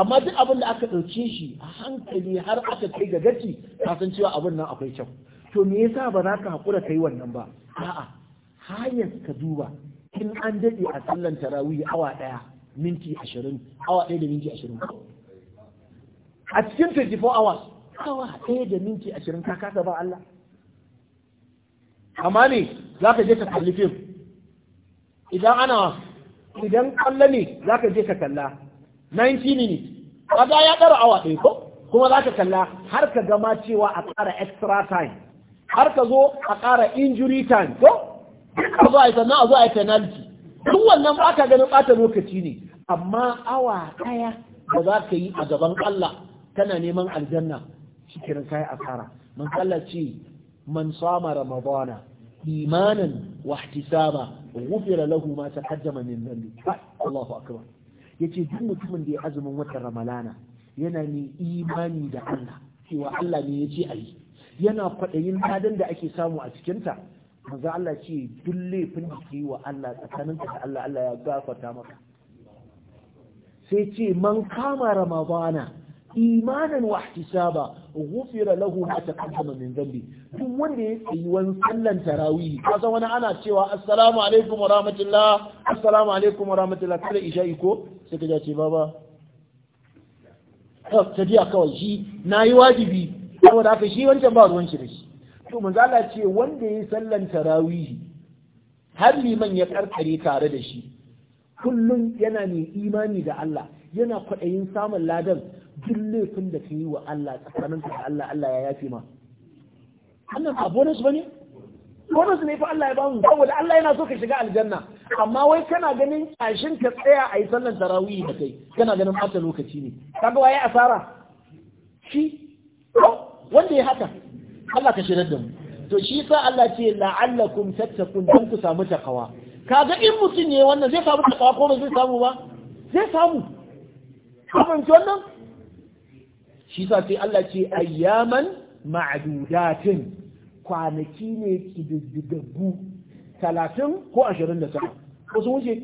amma duk abin da aka ɗauke shi a hankali har aka kai ga gaci ka san cewa abin nan akwai kyau to me yasa ba za ka hakura kai wannan ba a'a hayar ka duba in an dade a sallan tarawih awa daya minti ashirin awa daya da minti ashirin a cikin 24 hours awa daya da minti ashirin ka kasa ba Allah amma ne za ka je ka kalli fim idan ana idan kalla ne za ka je ka kalla 90 minutes Kada ya ɗara awa ɗaya ko kuma za ka kalla har ka gama cewa a ƙara extra time har ka zo a ƙara injury time ko a zo a yi sannan a zo a yi penalty duk wannan ba ka ganin ɓata lokaci ne amma awa ɗaya da za ka yi a gaban Allah tana neman aljanna shi kiran kai asara man Allah ce man sama ramadana imanan wa ihtisaba ghufira lahu ma taqaddama min dhanbi Allahu akbar yace duk mutumin da ya azumin watan ramalana yana ne imani da Allah cewa Allah ne yace ayi yana kwadayin ladan da ake samu a cikin ta manzo Allah ce duk laifin da yi wa Allah tsakaninka da Allah Allah ya gafarta maka sai ce man kama ramadana imanan wa ihtisaba ghufira lahu ma taqaddama min dhanbi duk wanda ya tsayi wani sallan tarawih kaza wani ana cewa assalamu alaikum wa rahmatullah assalamu alaikum wa rahmatullah kada isha'i iko, sai ka ja ce baba ta jiya kawai shi nayi wajibi saboda haka shi wancan ba ruwan shi da shi to manzo Allah ce wanda ya sallan tarawih har liman ya karkare tare da shi kullum yana mai imani da Allah yana kwaɗayin samun ladan duk laifin da ka yi wa Allah tsakanin ka Allah Allah ya yafe ma wannan ba bonus bane bonus ne fa Allah ya ba mu saboda Allah yana so ka shiga aljanna amma wai kana ganin kashin ka tsaya a yi sallar tarawih da kai kana ganin mata lokaci ne kaga waye asara shi wanda ya haka Allah ka shirar da mu to shi sa Allah ce la'allakum tattakun dan ku samu takawa kaga in mutum ne wannan zai samu takawa ko ba zai samu ba zai samu kafin wannan shi sa sai Allah ce ayyaman ma'adudatin kwanaki ne kididdigaggu talatin ko ashirin da tara ko sun wuce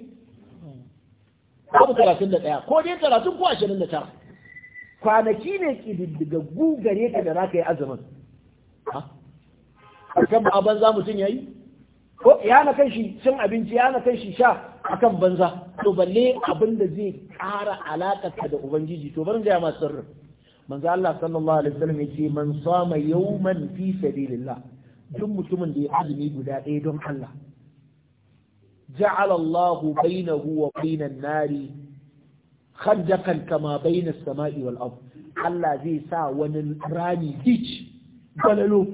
abu talatin da ɗaya ko dai talatin ko ashirin da tara kwanaki ne kididdigaggu gare ka da za ka yi azumin akan ba banza mutum ya yi ko ya na kan shi cin abinci ya na kan shi sha akan banza to balle abin da zai ƙara alaƙa da ubangiji to barin gaya masu sirrin manzo Allah sallallahu alaihi wasallam yace man sama yawman fi sabilillah duk mutumin da ya azumi guda ɗaya don Allah ja'ala Allah bainahu wa bainan nari khandakan kama baina sama'i wal ard Allah zai sa wani rami dich balalo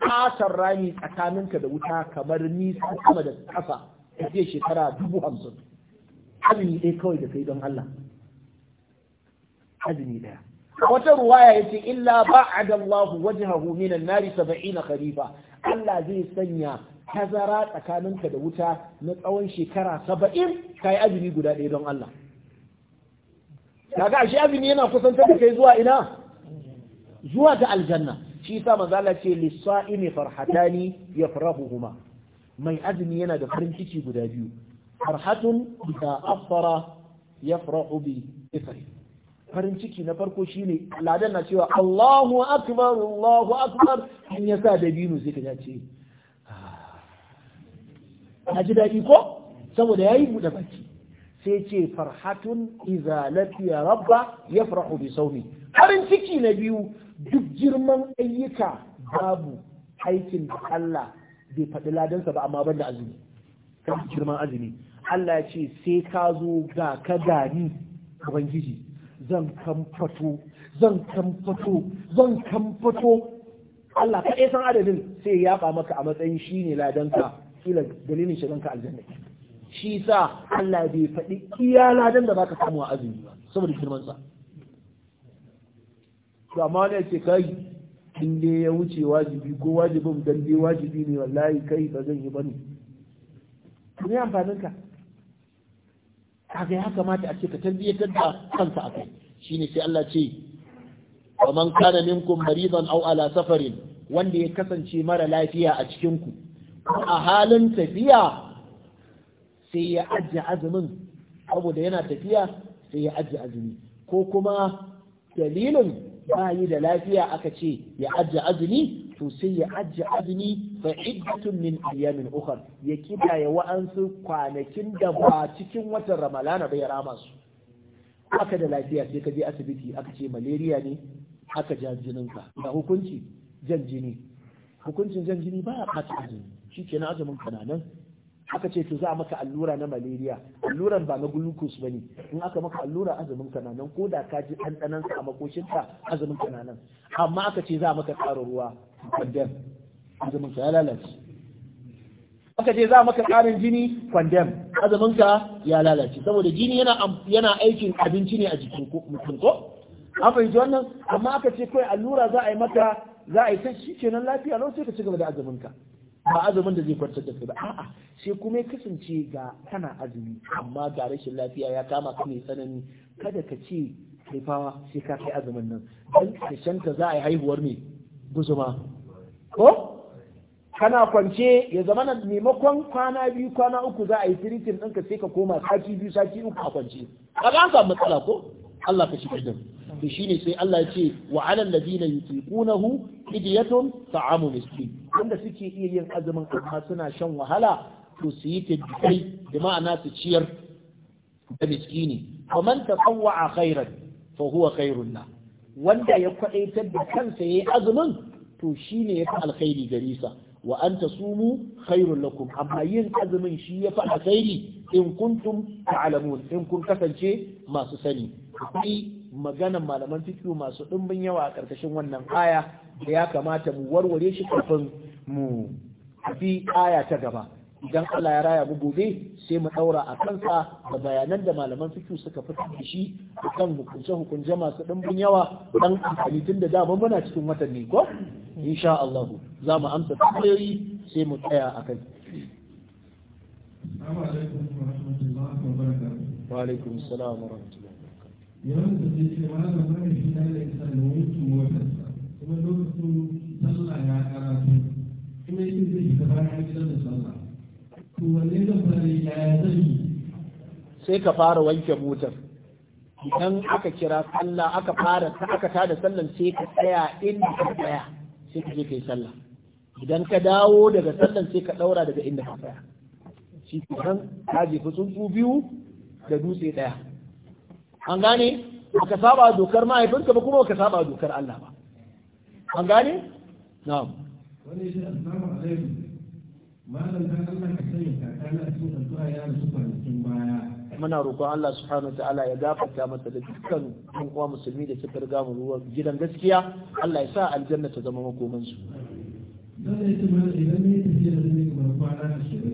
katar rami tsakaninka da wuta kamar nisa kuma da ƙasa zai shekara dubu hamsin azumi ɗaya kawai da kai don Allah azumi ɗaya wata ruwaya yace illa ba'ada Allah wajhahu minan nari 70 Khalifa. Allah zai sanya tazara tsakaninka da wuta na tsawon shekara 70 kai azumi guda ɗaya don Allah kaga ashe azumi yana kusantar da kai zuwa ina zuwa ga aljanna shi yasa manzo Allah ce lis farhatani yafrahuhuma mai azumi yana da farin ciki guda biyu farhatun da afara yafrahu bi ifri farin ciki na farko shi ne, ladan na cewa Allahu akbar Allahu akbar in ya sa dabino sai ka ja ce ah. a ji daɗi ko saboda ya yi buɗe baki sai ce farhatun iza ya rabba ya farahu bi sauni farin ciki na biyu duk girman ayyuka babu aikin Allah bai faɗi ladansa ba amma ban da azumi kan girman azumi Allah ya ce sai ka zo ga ka gani ubangiji zan kamfato zan fato zan fato Allah ka san adadin sai ya yaba maka a matsayin shi ne ladanka kila dalilin shiganka aljanna shi sa Allah bai faɗi iya ladan da baka samu a azumi ba saboda girman sa to amma ne ce kai in ne ya wuce wajibi ko wajibin dan dai wajibi ne wallahi kai ba zan yi bane me amfanin ka kaga ya kamata a ce ka tarbiyyatar da kansa a kai. Shi ne sai Allah ce wa man kana minkum maridan aw ala safarin wanda ya kasance mara lafiya a cikin ku a halin tafiya sai ya ajiye azumin saboda yana tafiya sai ya ajiye azumi ko kuma dalilin yi da lafiya aka ce ya ajja azumi to sai ya ajja azumi fa iddatun min ayyamin ukhra ya kida ya wa'ansu kwanakin da ba cikin watan ramalana bai rama su aka da lafiya sai ka je asibiti aka ce malaria ne aka ja ka da hukunci jan jini hukuncin jan jini ba a ɓata azumi shi ke na azumin kananan aka ce to za a maka allura na malaria alluran ba na glucose bane in aka maka allura azumin ka nan ko da ka ji ɗanɗanan sa a makoshinka azumin ka nan amma aka ce za maka ƙara ruwa condemn azumin ka ya lalace aka ce za maka ƙarin jini condemn azumin ka ya lalace saboda jini yana yana aikin abinci ne a jikin mutum ko an fahimci wannan amma aka ce kawai allura za a yi maka za a yi ta shi kenan lafiya lau sai ka ci gaba da azumin ka ba azumin da zai kwantar da kai ba a'a sai kuma ya kasance ga kana azumi amma ga rashin lafiya ya kama ka mai tsanani kada ka ce kai fawa sai ka kai azumin nan dan karshen ka za a yi haihuwar ne guzuma ko kana kwance ya zama na maimakon kwana biyu kwana uku za a yi tiritin ɗinka sai ka koma sati biyu sati uku a kwance kaga an samu matsala ko Allah ka shi kudin to shine sai Allah ya ce wa alal ladina yutiqunahu idiyatun ta'amu miskin wanda suke iya yin azumin amma suna shan wahala to su yi tadbikai da ma'ana su ciyar da miskini wa man tatawwa khairan fa huwa khairun la wanda ya kwadaitar da kansa yayi azumin to shine ya fi alkhairi gari sa wa an tasumu khairul lakum amma yin azumin shi ya fi alkhairi in kuntum ta'lamun in kun kasance masu sani akwai maganan malaman fikiyu masu ɗumbin yawa a ƙarƙashin wannan aya da ya kamata mu warware shi kafin mu bi aya ta gaba idan Allah ya raya mu gobe sai mu ɗaura a kansa da bayanan da malaman fikiyu suka fitar da shi kan hukunce hukunce masu ɗumbin yawa dan amfani tun da dama muna cikin watanni ko insha Allah za mu amsa tambayoyi sai mu tsaya a kai wa alaikum wa rahmatullahi yawan da zai ce ma da mara shi da ya isa da wanki motar. kuma lokacin sallah ya karatu kuma yake zai shiga bayan gidan da sallah to wanne zan fara yaya zan yi sai ka fara wanke motar idan aka kira sallah aka fara aka tada sallan sai ka tsaya inda ka tsaya sai ka je kai sallah idan ka dawo daga sallan sai ka daura daga inda ka tsaya shi kan ka je tsuntsu biyu da dutse daya an gane ka saba dokar mahaifinka ba kuma ba ka saba dokar Allah ba an gane na'am wani shi assalamu alaikum malam dan Allah ka sani kakana cikin addu'a ya rasu kwanakin baya muna roƙon Allah subhanahu wataala ya gafarta masa da dukkan ɗan uwa musulmi da suka riga mu ruwan gidan gaskiya Allah ya sa aljanna ta zama makoman su dan ne kuma idan ne tafiya da ne kuma kwana 20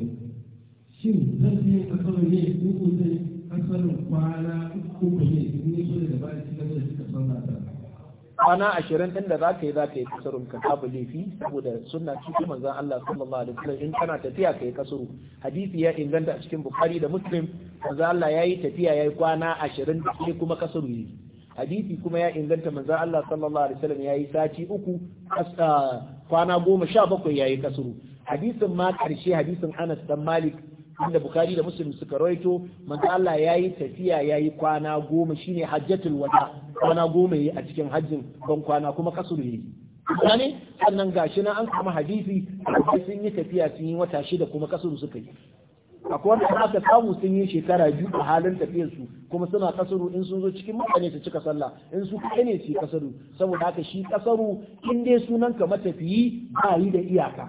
shin zan yi alƙawari ne ko zan asalin kwana uku ba ne ne so da ba shi da kwana ashirin din da za ka yi za ka yi kasurun ka babu laifi saboda sunna cikin manzon Allah sallallahu alaihi wasallam in kana tafiya ka yi kasuru hadisi ya inganta a cikin bukhari da muslim manzon Allah ya yi tafiya ya yi kwana ashirin da kuma kasuru ne hadisi kuma ya inganta manzon Allah sallallahu alaihi wasallam ya yi sati uku ah, kwana goma sha bakwai ya yi kasuru hadisin ma ƙarshe hadisin Anas dan Malik inda bukari da muslim suka rawaito manzo Allah yayi tafiya yayi kwana goma shine hajjatul wada kwana goma yayi a cikin hajjin ban kwana kuma kasuru yayi gane sannan gashi na an kama hadisi sun yi tafiya sun yi wata shida kuma kasuru suka yi akwai wanda aka samu sun yi shekara biyu a halin tafiyar su kuma suna kasaru in sun zo cikin mutane su cika sallah in su kai ne su kasaru saboda haka shi kasaru in dai sunan ka matafiyi ba yi da iyaka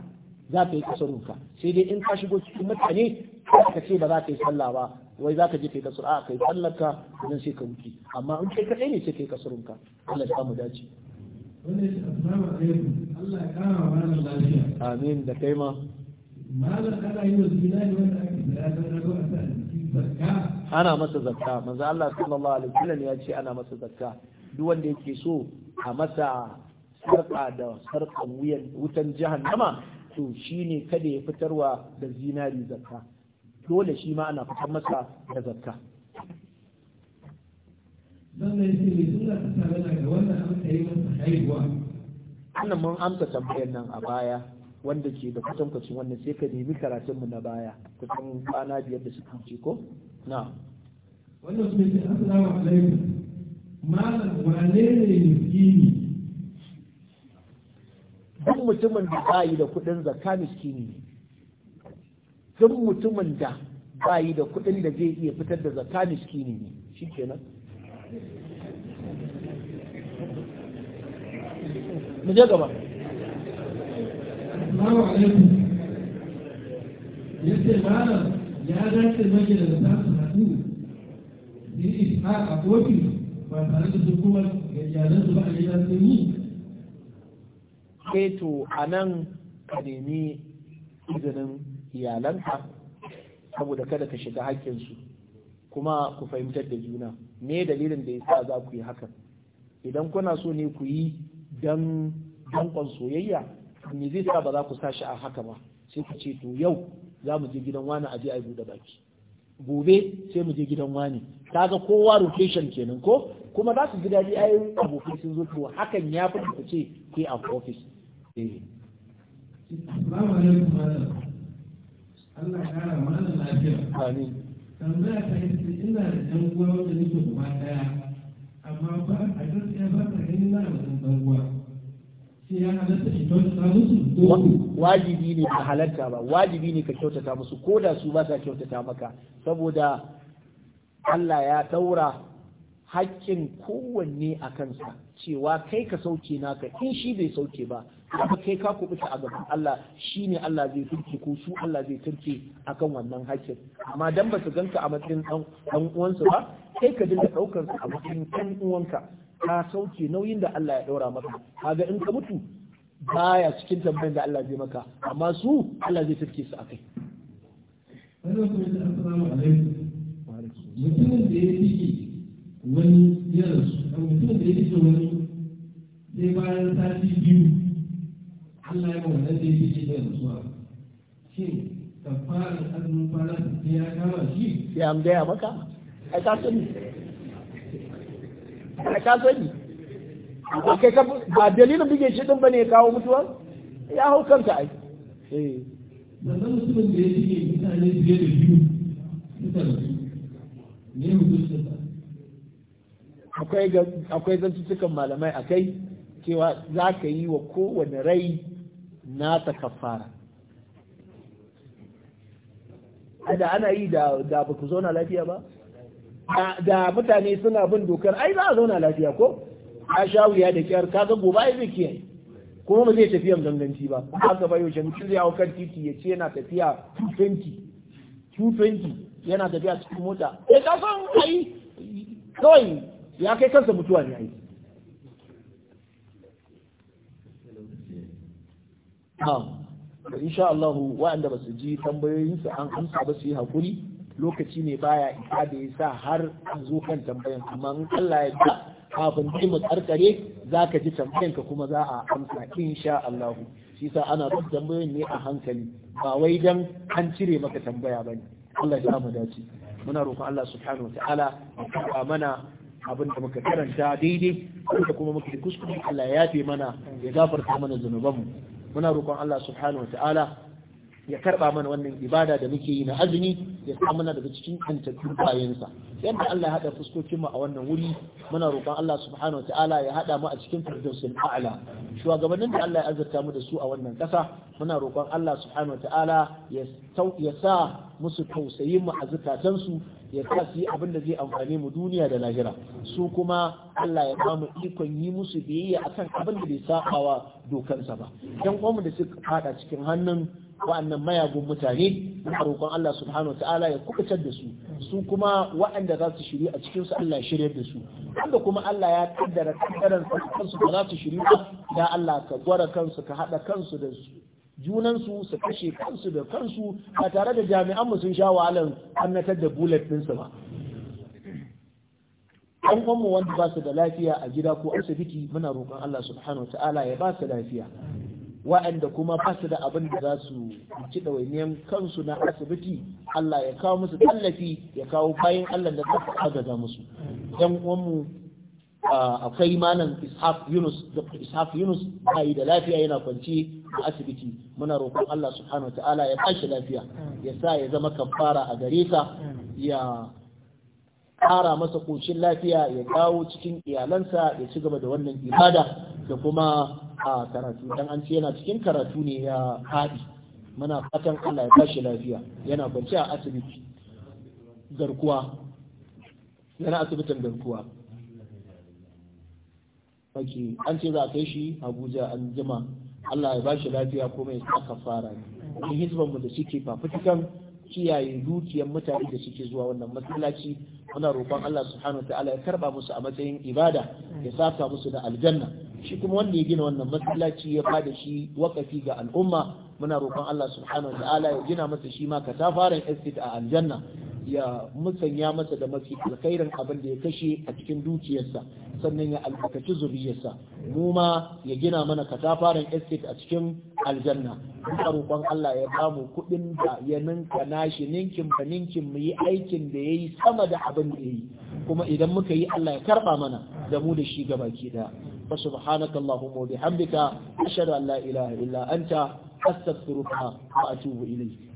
za ka yi kasarun ka sai dai in ka shigo cikin mutane ka ce ba za ka yi sallah ba wai za ka je kai kasur a kai sallar ka idan sai ka wuce amma in kai kadai ne sai kai kasurun ka Allah ya samu dace Allah ya kama mana lafiya amin da kai ma malam ana yi wa zinani wanda ake da rago a zakka ana masa zakka manzo Allah sallallahu alaihi wasallam ya ce ana masa zakka duk wanda yake so a masa sarka da sarkan wutan jahannama to shine kada ya fitarwa da zinari zakka dole shi ma ana fitar masa da zakka wannan mun amsa tambayar nan a baya wanda ke da kutankwacin wannan sai ka nemi karatunmu na baya kusan kwana biyar da suka wuce ko na wannan su ne assalamu alaikum malam wane ne miskini duk mutumin da ba yi da kudin zakka miskini ne don mutumin da bayi da kuɗin da zai iya fitar da zakka miskini ne shi kenan mu je gaba yake malam ya dace mace da za su haɗu da isa a kofi ba tare da duk kuma ga iyalansu ba a gidan sun yi. Keto eh a nan ka nemi izinin iyalanka saboda kada ka shiga haƙƙinsu kuma ku fahimtar da juna me dalilin da yasa za ku yi hakan idan kuna so ne ku yi dan dankon soyayya me zai sa ba za ku sashi a haka ba sai ku ce to yau za mu je gidan wani a je a buɗe baki gobe sai mu je gidan wani kaga kowa rotation kenan ko kuma za su ji daɗi ayoyin abokai sun zo to hakan ya fi ku ce ku yi a office eh Allah ya kara mana lafiya amin tambaya ta yi ina da ɗan uwa wanda nake gaba ɗaya amma ba a gaskiya ba ta ganin na da ɗan uwa Sai ya halatta shi kyautata musu wajibi ne ka halatta ba wajibi ne ka kyautata musu ko da su ba sa kyautata maka saboda Allah ya taura haƙƙin kowanne a kansa cewa kai ka sauke naka in shi bai sauke ba kuma kai ka kubuta a gaban Allah shi ne Allah zai turke ko su Allah zai turke akan wannan hakkin amma dan ba su ganka a matsayin dan uwansu ba kai ka dinga daukar su a matsayin dan uwanka ka sauke nauyin da Allah ya daura maka kaga in ka mutu baya cikin tambayar da Allah zai maka amma su Allah zai turke su akai wannan kuma assalamu alaikum mutumin da ya wani ya rasu a mutum da ya rike wani sai bayan sati biyu Allah ya wa nan da ya rike da rasuwa shin kafarar azumin fara da ya kama shi ya an gaya maka a ka sani ai ka sani kai ka ba dalilin bige shi din bane ya kawo mutuwa ya hau kanka ai eh wannan mutumin da ya rike mutane biyar da biyu suka rasu ne mutum akwai cikin malamai a kai cewa za ka yi wa kowane rai na ta kafara da ana yi da ba ku zauna lafiya ba da mutane suna bin dokar ai za a zauna lafiya ko a sha wuya da kyar ka ga gobe ai zai kiyaye kuma ba zai tafiya ganganci ba haka ba yaushe mutum zai hau kan titi ya ce yana tafiya 220 220 yana tafiya cikin mota eh ka san ai kawai ya kai kansa mutuwa ne ai to insha Allah waɗanda ba su ji tambayoyinsu an amsa ba su yi hakuri lokaci ne baya isa da ya sa har an zo kan tambayan amma in Allah ya da kafin ji mu karkare za ka ji tambayanka kuma za a amsa insha Allah shi sa ana duk tambayoyin ne a hankali ba wai dan an cire maka tambaya bane Allah ya mu dace muna roƙon Allah subhanahu wataala ya karɓa mana abin da muka karanta daidai da kuma da kuskure Allah ya yafe mana ya gafarta mana zunubanmu muna roƙon Allah subhanahu wa ta'ala ya karba mana wannan ibada da muke yi na azumi ya sa mana daga cikin kantattun bayansa yadda Allah ya haɗa fuskokin mu a wannan wuri muna roƙon Allah subhanahu ta'ala ya hada mu a cikin firdausul a'la shugabannin da Allah ya azurta mu da su a wannan ƙasa muna roƙon Allah subhanahu ta'ala ya sa musu tausayin mu a zukatansu ya sa su yi abin da zai amfane mu duniya da lahira su kuma Allah ya bamu ikon yi musu biyayya akan abin da bai saba dokansa ba yan mu da suka fada cikin hannun Waɗannan mayagun mutane muna roƙon Allah subhanahu wa ta'ala ya kubutar da su su kuma waɗanda za su shiri a cikin su Allah ya shiryar da su wanda kuma Allah ya kaddara kaddaran kansu ba za su shiri ba da Allah ka gwara kansu ka hada kansu da su junansu su kashe kansu da kansu ba tare da jami'anmu sun sha wahalar annatar da bullet ɗinsu ba. Ɗan kwanmu wanda ba su da lafiya a gida ko asibiti muna roƙon Allah subhanahu wa ta'ala ya ba su lafiya. wa'anda kuma ba su da abin da za su ci ɗawainiyan kansu na asibiti Allah ya kawo musu tallafi ya kawo bayan Allah da za su agaza musu yan uwanmu akwai malam ishaq yunus dr ishaq yunus yi da lafiya yana kwanci a asibiti muna roƙon Allah subhanahu wa ta'ala ya bashi lafiya ya sa ya zama kafara a gare ka ya ƙara masa ƙoshin lafiya ya dawo cikin iyalansa ya ci gaba da wannan ibada da kuma a karatu dan an ce yana cikin karatu ne ya haɗi muna fatan Allah ya bashi lafiya yana kwanci a asibiti garkuwa yana asibitin garkuwa ake an ce za a kai shi Abuja an jima Allah ya bashi lafiya kuma ya saka fara ne in hizban mu da suke fafutukan kiyaye dukiyar mutane da suke zuwa wannan masallaci muna roƙon Allah subhanahu wa ta'ala ya karba musu a matsayin ibada ya saka musu da aljanna shi kuma wanda ya gina wannan masallaci ya bada shi wakafi ga al'umma muna roƙon Allah subhanahu wa ta'ala ya gina masa shi ma katafaren estate a aljanna ya musanya masa da mafi alkhairin abin da ya kashe a cikin dukiyarsa sannan ya albarkaci zuriyarsa mu ma ya gina mana katafaren estate a cikin aljanna duka roƙon Allah ya bamu kuɗin da ya ninka nashi ninkin ba ninkin mu yi aikin da ya yi sama da abin da ya yi kuma idan muka yi Allah ya karɓa mana da mu da shi gabaki ɗaya da. subhanakallahumma wa bihamdika ashhadu an la ilaha illa anta astaghfiruka wa atubu ilayhi